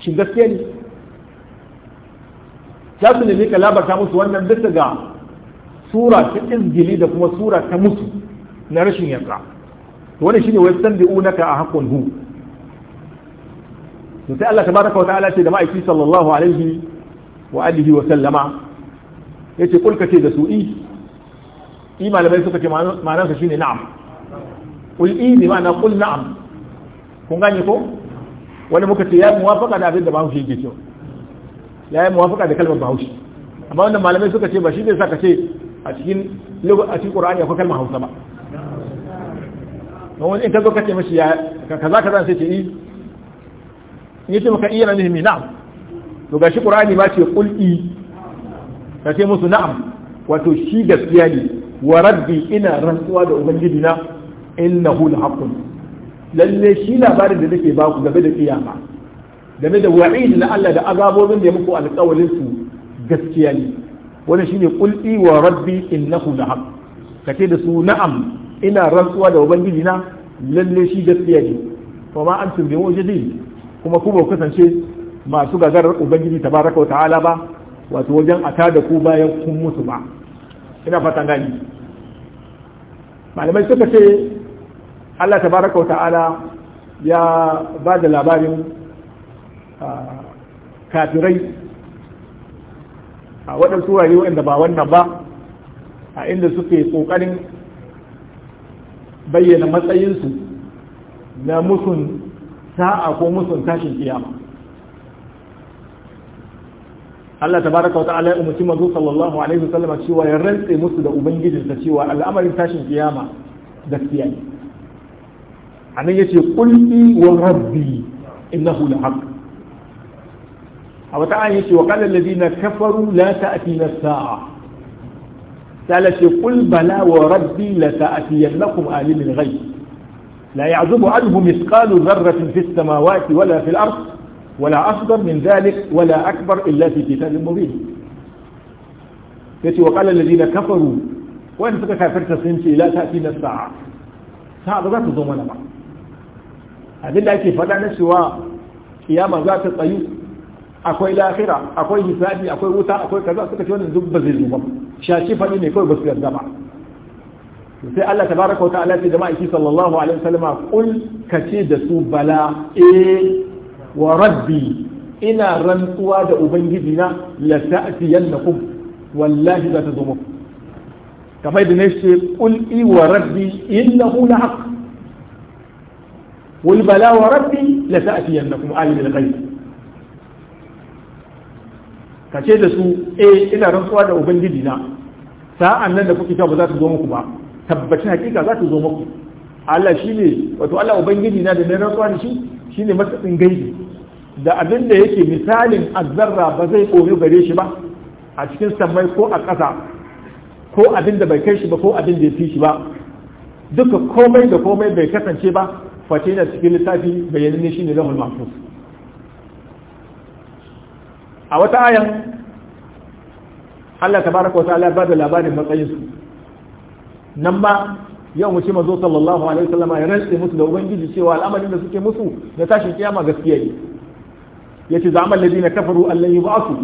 shi gaskiya ne za su nemi ka labarta musu wannan bisa ga sura ta izgili da kuma sura ta musu na rashin yarda wannan shine wai san sanbi'unaka a haƙƙun hu sai Allah tabaraka wa ta'ala ce da ma'aiki sallallahu alaihi wa alihi wa sallama yace kul kace da su i i malamai suka ce ma'anar sa shine na'am kul i ne ma'ana kul na'am kun gane ko wani muka ce ya yi muwafaka da abin da bahaushe yake cewa ya yi muwafaka da kalmar bahaushe amma wannan malamai suka ce ba shi zai saka ce a cikin a cikin qur'ani akwai kalmar hausa ba don wani in ka zo ka ce mashi ya kaza kaza sai ce i in yace maka iya na nihimi na'am to gashi qur'ani ma ce kulki ka ce musu na'am wato shi gaskiya ne wa rabbi ina rantsuwa da ubangiji na innahu lahaqqun lalle shi labarin da nake ba ku game da kiyama game da wa'id na Allah da azabobin da ya muku alƙawarin su gaskiya ne wannan shine kulki wa rabbi innahu lahaq kace da su na'am ina rantsuwa da ubangiji na lalle shi gaskiya ne kuma an antum bi mujidin kuma ku kasance masu gagarar ubangiji tabaraka wa ta'ala ba wato wajen a tada ku bayan kun mutu ba ina fatan gani malamai suka ce Allah ta baraka wa ta'ala ya ba da labarin kafirai a waɗansu wurare waɗanda ba wannan ba a inda suke ƙoƙarin bayyana matsayinsu na musun sa'a ko musun tashin kiyama Allah tabaraka wa ta'ala ya umarci manzo sallallahu alaihi wasallam cewa ya rantse musu da ubangijinsa cewa al'amarin tashin kiyama gaskiya ne anan yace qulti wa rabbi innahu lahaq a wata ayi yace wa qala alladhina kafaru la ta'tina as-sa'a sala ce qul bala wa rabbi la ta'tiyannakum alimul ghaib la ya'zubu anhu mithqalu dharratin fis samawati wala fil ardi wala asghar min dhalik wala akbar illa fi kitabin mubin yace wa qala alladhina kafaru wanda suka kafirta sun ce la ta'ti na za ta zo mana ba abinda ake faɗa na cewa kiyama za ta tsayu akwai lahira akwai hisabi akwai wuta akwai kaza suka ce wannan duk zai ba shashi ne kawai ba su sai Allah tabaraka wa ta'ala ce jama'a ki sallallahu alaihi wasallama kul kace da su bala eh wa rabbi ina rantsuwa da ubangiji na la ta'tiyannakum wallahi za ta zo muku kamar yadda ne ce qul i wa rabbi innahu la haqq qul bala wa rabbi la ta'tiyannakum alim al ghaib kace da su eh ina rantsuwa da ubangiji na sa'an nan da kuke ta ba za ta zo muku ba tabbacin hakika za ta zo muku Allah shi ne wato Allah ubangiji na da na rantsuwa da shi shine matsatsin gaibi da abin da yake misalin azzarra ba zai kori gare shi ba a cikin samai ko a ƙasa ko abin da bai kai shi ba ko abin da ya fi shi ba duka komai da komai bai kasance ba face na cikin littafi bayanin shi ne lahul masu. a wata ayan Allah tabaraka wa ta'ala ba da labarin matsayin su nan ba yau mu ce mazo sallallahu alaihi wasallama ya rantse musu da ubangiji cewa al'amarin da suke musu da tashin kiyama gaskiya ne yace zama alladina kafaru allan yub'asu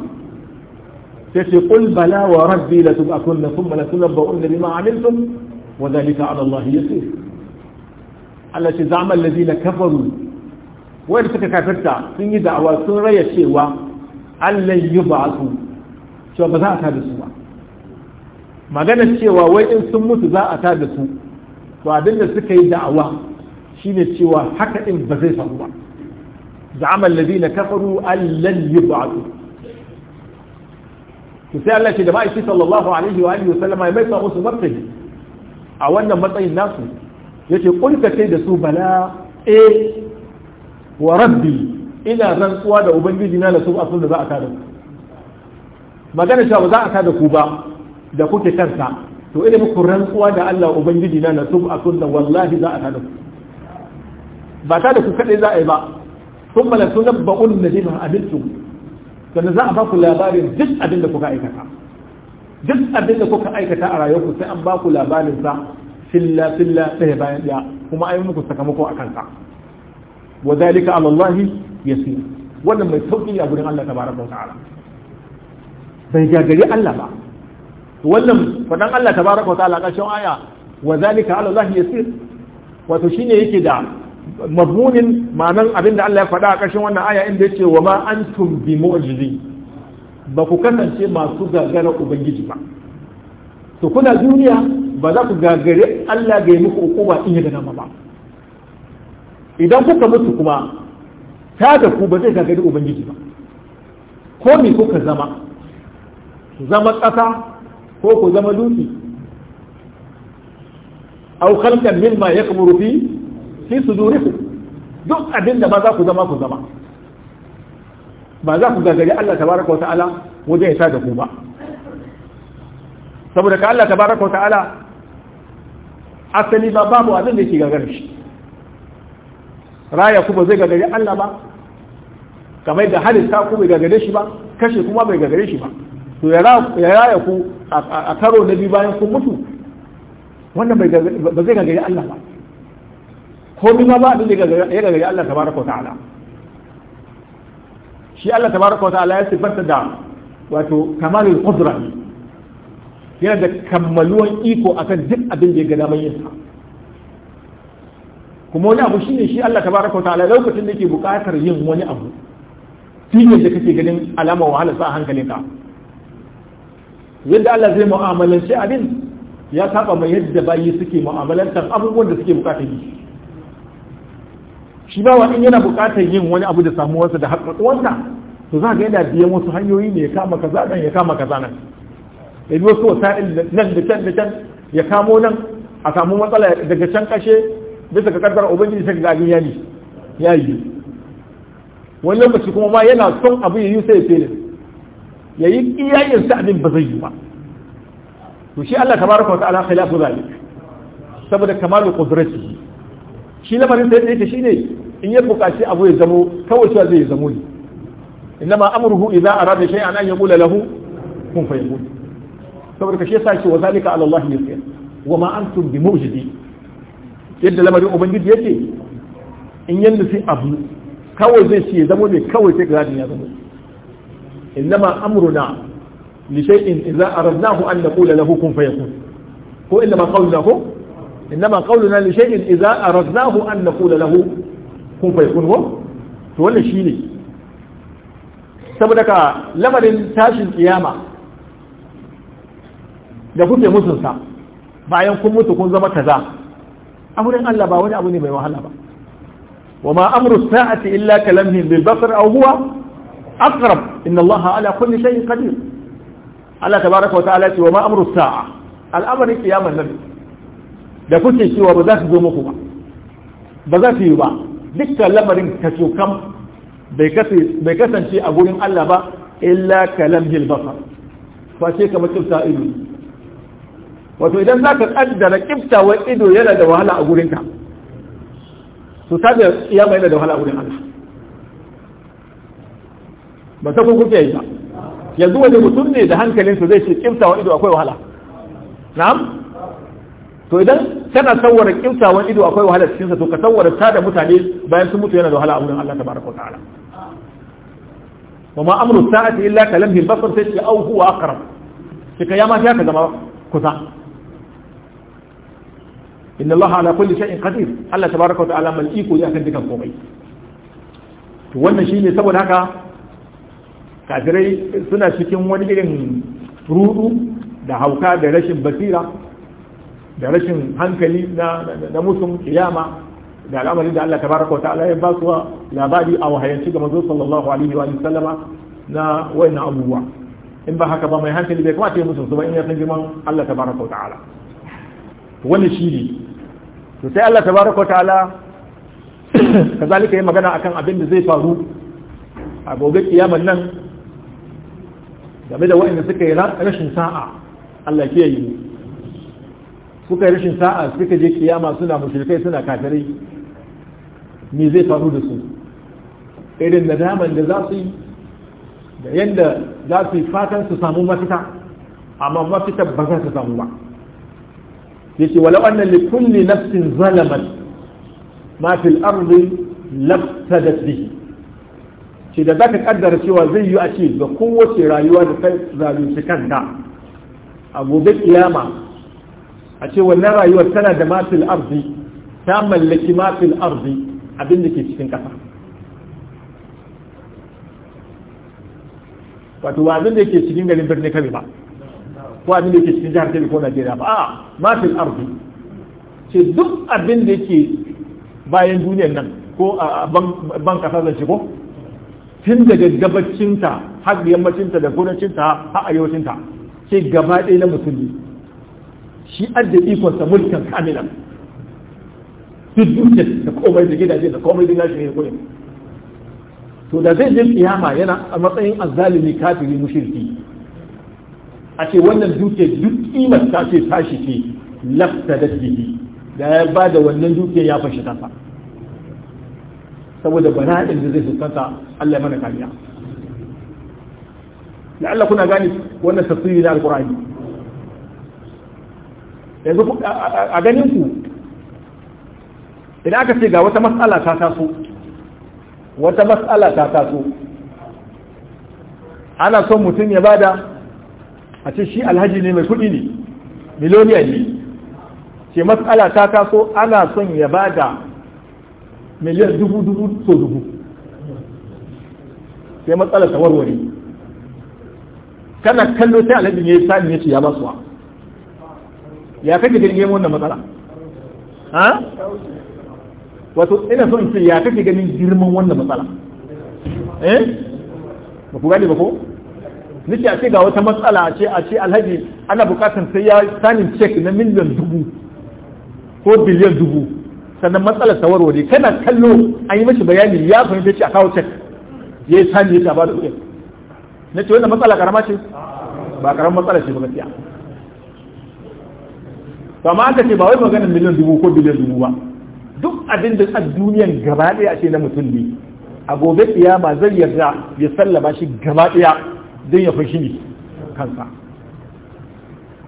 sai ce qul bala wa rabbi la tub'athunna thumma la tunabba'unna bima amiltum wa dhalika 'ala Allah yasir Allah ce zama alladina kafaru wanda suka kafirta sun yi da'awa sun raya cewa allan yub'asu cewa ba za a tada su ba magana cewa wai in sun mutu za a tada su to abinda suka yi da'awa shine cewa haka din ba zai samu ba za'ama alladhina kafaru allan yub'athu to sai Allah ce da ma'aiki sallallahu alaihi wa alihi wa sallama ya maisa musu martani a wannan matsayin nasu yace qul ka sai da su bala eh wa rabbi ina rantsuwa da ubangiji na la su asul da za a kada ku magana cewa ba za a kada ku ba da kuke kansa to ina muku rantsuwa da Allah ubangiji na la su asul da wallahi za a kada ku ba ta ku kadai za a yi ba Sun ثم لتنبؤن بما عملتم sannan za a ba ku labarin duk abin da kuka aikata duk abin da kuka aikata a rayuwarku sai an ba ku labarin sa filla filla ɗaya bayan ɗaya kuma an yi muku sakamako a kansa wa zalika ala Allah yasir wannan mai sauki a gurin Allah tabaraka wa ta'ala bai gagari Allah ba wannan fadan Allah tabaraka wa ta'ala ƙarshen aya wa zalika ala Allah yasir wato shine yake da mazmunin ma'anar abin da Allah ya faɗa a ƙarshen wannan aya inda ya ce wa ma antum bi mu'jizi ba ku kasance masu gagara ubangiji ba to kuna duniya ba za ku gagare Allah ga yi muku hukuma in yi da nama ba idan kuka mutu kuma ta da ku ba zai gagari ubangiji ba ko me kuka zama zama ƙasa ko ku zama dutse min ma ya yakmuru fi fi sudurikum duk abin da ba za ku zama ku zama ba za ku gagari Allah tabaraka ta'ala wajen ya da ku ba saboda ka Allah tabaraka ta'ala, asali ba babu abin da ke gagari shi raya ku ba zai gagari Allah ba kamar da halin ta ku bai gagare shi ba kashe kuma bai gagare shi ba to ya raya ku a karo na biyu bayan kun mutu wannan ba zai gagari Allah ba komi ma ba abin da ya gagari Allah tabaraka ta'ala shi Allah tabaraka ta'ala ya sifarta da wato kamalul qudra yana da kammaluwan iko akan duk abin da ya ga damar yinsa kuma wani abu shine shi Allah tabaraka wa ta'ala lokacin da yake buƙatar yin wani abu shine da kake ganin alama wahala sa ka. yadda Allah zai mu'amalanci abin ya saba mai yadda bayi suke mu'amalantar abubuwan da suke bukatar yi shi ba wani yana buƙatar yin wani abu da samuwarsa da haƙaƙuwarsa to za ga yana biyan wasu hanyoyi ne ya kama kaza nan ya kama kaza nan ya bi wasu wasa'il nan da can da can ya kamo nan a samu matsala daga can kashe bisa ga kaddar ubangiji sai ga ya ne ya yi wani lokaci kuma ma yana son abu ya yi sai ya fere ya yi iyayen sa abin ba zai yi ba to shi Allah tabaraka wa ta'ala khilafu zalik saboda kamalul qudratihi shi lamarin da yake ne in ya buƙaci abu ya zamo kawai shi zai zamo ne inma amruhu idza arada shay'an an yaqula lahu kun fayakun saboda ka shi yasa ce wa zalika ala Allah yasir wa ma antum bi mujidi yadda lamarin ubangiji yake in yanda sai abu kawai zai ce zamo ne kawai sai gadin ya zamo innama amruna li shay'in idza aradnahu an naqula lahu kun fayakun ko illa ma qawlna ko innama qauluna li shay'in idza aradnahu an naqula lahu kun fayakun wa to wannan shine saboda ka lamarin tashin kiyama da kuke musun sa bayan kun mutu kun zama kaza amurin Allah ba wani abu ne mai wahala ba wa ma amru sa'ati illa kalamhi bil basar aw huwa aqrab inna Allah ala kulli shay'in qadir Allah tabaaraka wa ta'ala ce wa ma amru sa'a al'amarin kiyamar nabi da kuke cewa ba za su zo muku ba ba za su yi ba dukkan lamarin kam bai kasance a gurin Allah ba illa kalam hilbasa face kamar kifta ido wato idan za ka kaddara kiftawar ido yana da wahala a gurinka to ta da iyama da wahala a gurin Allah ba ta kuke yi ba yanzu wani mutum ne da hankalinsa zai ce kiftawar ido akwai wahala na'am to idan kana tsawara kimtawan ido akwai wahala cikin sa to ka tsawara ta da mutane bayan sun mutu yana da wahala a wurin Allah tabaraka wa ta'ala wa ma amru sa'ati illa kalamhi basar sai ya au huwa aqrab kika ya ma ta ka zama kusa inna Allah ala kulli shay'in qadir Allah tabaraka wa ta'ala mal iko ya kan dukan komai to wannan shine saboda haka kafirai suna cikin wani irin rudu da hauka da rashin basira da rashin hankali na musun kiyama da al'amari da Allah baraka wa ta'ala ya ba su labari a wahayanci ga manzo sallallahu alaihi wa sallama na wayannan abubuwa in ba haka ba mai hankali bai kamata yi musu su ba in ya san girman Allah baraka wa ta'ala wani shi ne to sai Allah tabaraka wa ta'ala zalika yi magana akan abin da zai faru a gobe kiyaman nan game da wayanda suka yi rashin sa'a Allah ke yi suka yi rashin sa'a suka je kiyama suna mushrikai suna kafirai me zai faru da su irin daman da za su yi da yadda za su yi fatan su samu mafita amma mafita ba za su samu ba yace walau wannan li kulli nafsin zalamat ma fil ardi laftadat bihi ce da zaka kaddara cewa zai yi a ce ga kowace rayuwa da kai zalunci kanta a gobe kiyama a ce wannan rayuwar tana da mafil arzi ta mallaki mafil arzi abin da ke cikin ƙasa wato ba abin da ke cikin garin birni kare ba ko abin da ke cikin jihar kare ko najeriya ba a mafil arzi ce duk abin da ke bayan duniyar nan ko a ban kasa da ko tun daga gabacinta har yammacinta da gudancinta har arewacinta ce gaba ɗaya na musulmi shi adda ikon sa mulkan kamilan duk dukiya da komai da gidaje da komai da gashi ne gurin to da zai je kiyama yana a matsayin azzalimi kafiri mushriki a ce wannan duke duk kimar ta ce tashi ce lafta da da ya ba da wannan duke ya fashi kansa saboda bana'in da zai fuskanta Allah ya mana kariya la'alla kuna gani wannan tafsiri na alqur'ani yanzu a ganin ku idan aka ce ga wata matsala ta taso wata matsala ta taso ana son mutum ya bada a ce shi alhaji ne mai kudi ne miliyoniya ne ce matsala ta taso ana son ya bada miliyan dubu dubu so dubu sai matsala ta warware kana kallo sai alhaji ne ya sani ya ce ya basuwa ya kake ganin yayin wannan matsala ha wato ina son ce ya kake ganin girman wannan matsala eh ba ku gane ba ko nake a ce ga wata matsala a ce a ce alhaji ana bukatar sai ya sanin cek na miliyan dubu ko biliyan dubu sannan matsalar ta warware kana kallo an yi mashi bayani ya fahimta ce a kawo check ya yi sani ya ta ba da kuɗin na ce wannan matsala karama ce ba karamar matsala ce ba gaskiya amma aka ce ba wai magana miliyan dubu ko biliyan dubu ba duk abin da a duniyan gaba ɗaya ce na mutum ne a gobe kiyama zai yarda ya sallama shi gaba ɗaya don ya fashi ne kansa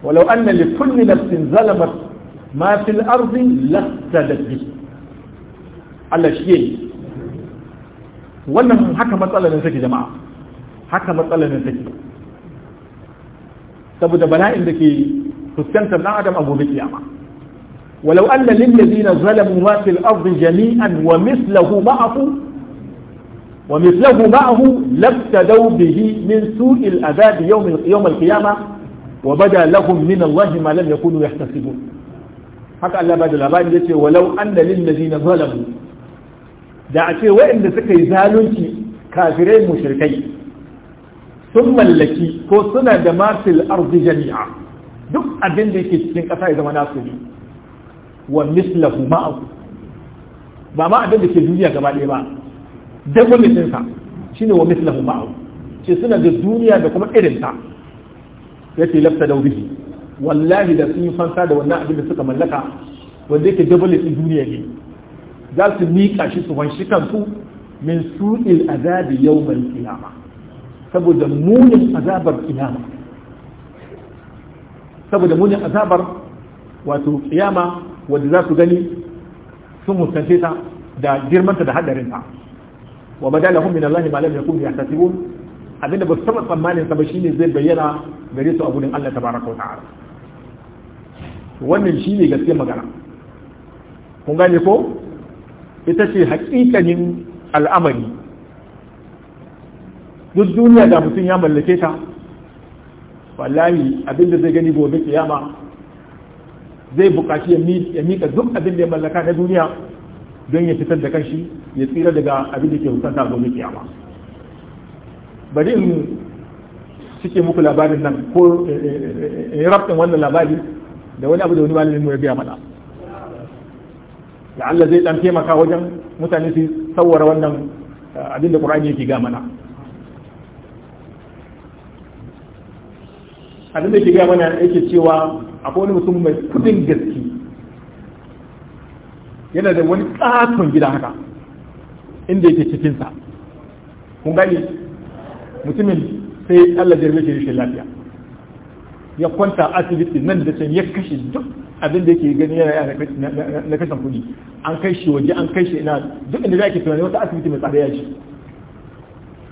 walau an na likulli nafsin zalamat ma fil arzi lasta da bi Allah shi yi wannan haka matsalar take jama'a haka matsalar take saboda bala'in da ke تستمتع ابن ادم ابو بكيامه ولو ان للذين ظلموا ما في الارض جميعا ومثله معه ومثله معه لابتدوا به من سوء العذاب يوم يوم القيامه وبدا لهم من الله ما لم يكونوا يحتسبون حتى الله بعد الاباد يقول ولو ان للذين ظلموا دع شيء وين سكي زالونك كافرين مشركين ثم لك كو سنة دمار في الارض جميعا duk abin da yake cikin ƙasa ya zama nasu ne wa mislahu ma'ahu ba ma abin da ke duniya gaba ɗaya ba da gwamnatinsa shi ne wa mislahu ma'ahu ce suna da duniya da kuma irinta ya ce lafta da wuri wallahi da sun yi fansa da wannan abin da suka mallaka wanda yake dabal ɗin duniya ne za su miƙa shi su wanshi kansu min su'il azabi mai kiyama saboda munin azabar kiyama saboda munin azabar wato kiyama wanda za su gani sun muskance ta da girmanta da ta wa badala hum min Allah ma lam yakun yahtasibun abinda ba su taba tsammanin sa ba shine zai bayyana gare su a gurin Allah tabaraka wa ta'ala wannan shine gaskiyar magana kun gane ko ita ce hakikanin al'amari duk duniya da mutum ya mallake ta wallahi abinda zai gani gobe kiyama zai bukaci ya mika duk abin da ya mallaka na duniya don ya fitar da kanshi ya tsira daga abin da ke hukunta gobe kiyama bari in suke muku labarin nan ko eh, eh, eh, rabtin wannan labari da wani abu da wani malamin mu ya biya mana Ya Allah zai dan taimaka wajen mutane su tsawara wannan abin da Qur'ani yake ga mana abinda ke gaya mana yake cewa akwai wani mutum mai kudin gaske yana da wani katon gida haka inda yake cikinsa kun gani mutumin sai allah da yake rishin lafiya ya kwanta asibiti nan da can ya kashe duk abin da yake gani yana yana na kashen kuɗi an kai shi waje an kai shi ina duk inda za ke tunani wata asibiti mai tsada ya ce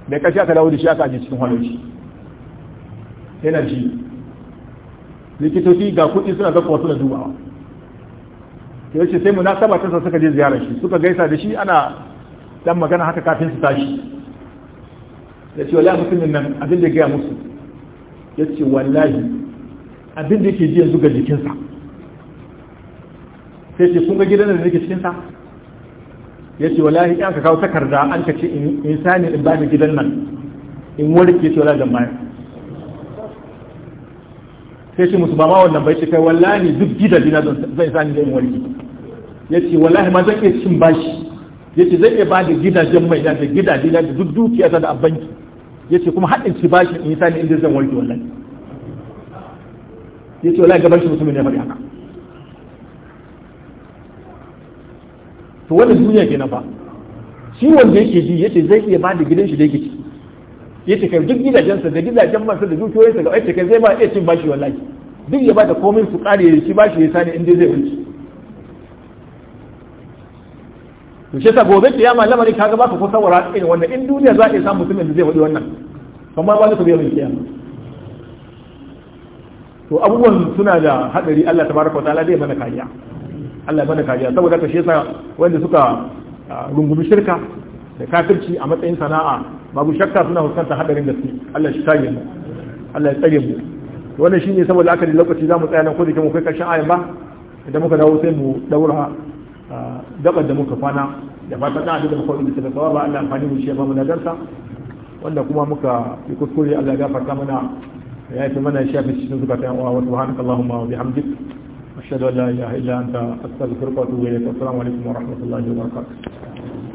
da kashi aka dawo da shi aka aje cikin hannun shi yana ji likitoci ga kuɗi suna zaka wasu da dubawa ya ce sai mu na ta suka je ziyarar shi suka gaisa da shi ana dan magana haka kafin su tashi ya ce wallahi mutumin nan abin da gaya musu ya ce wallahi abin da ke ji yanzu ga jikinsa sai ce kun ga gidan da nake cikinsa ya ce wallahi in ka kawo takarda an ka ce insani in ba ni gidan nan in warke ce wallahi zan bayar sai ce musu ba ma wannan bai ce kai wallahi duk gida na zai sani ni wani ya ce wallahi ma zai iya cin bashi ya ce zai iya da gidajen mai da gidaje na da duk dukiya da a banki ce kuma haɗin ci bashi in yi sani inda zan wani wallahi ce wallahi gaban shi mutumin ya faɗi haka to wannan duniya kenan fa shi wanda yake ji ya ce zai iya da gidan shi da yake ciki ce kai duk gidajensa da gidajen mansa da dukiyoyinsa ga aiki kai zai ba iya cin bashi wallahi duk ya bada komai su kare ya shi bashi ya sani inda zai wuce to shi sa gobe yamma lamarin kaga baka ko sawara irin wannan in duniya za a iya samu mutumin da zai wuce wannan amma ba su biyan kiyama to abubuwan suna da hadari Allah tabaraka wa ta'ala zai mana kariya Allah ya mana kariya saboda ka shi sa wanda suka rungumi shirka da kafirci a matsayin sana'a babu shakka suna fuskantar hadarin gaske Allah shi kare mu Allah ya tsare mu wannan shine saboda aka da lokaci mu tsaya nan ko da mu kai karshen ayan ba idan muka dawo sai mu daura dabar da muka kwana da fata da da muka yi da tsawa ba Allah amfani mu shi ya mu nagarta wanda kuma muka yi kuskure Allah ya gafarta mana ya yi mana shafi cikin zukatan uwa wa subhanakallahumma wa bihamdik ashhadu an la ilaha illa anta astaghfiruka wa atubu ilayk assalamu alaikum wa rahmatullahi wa barakatuh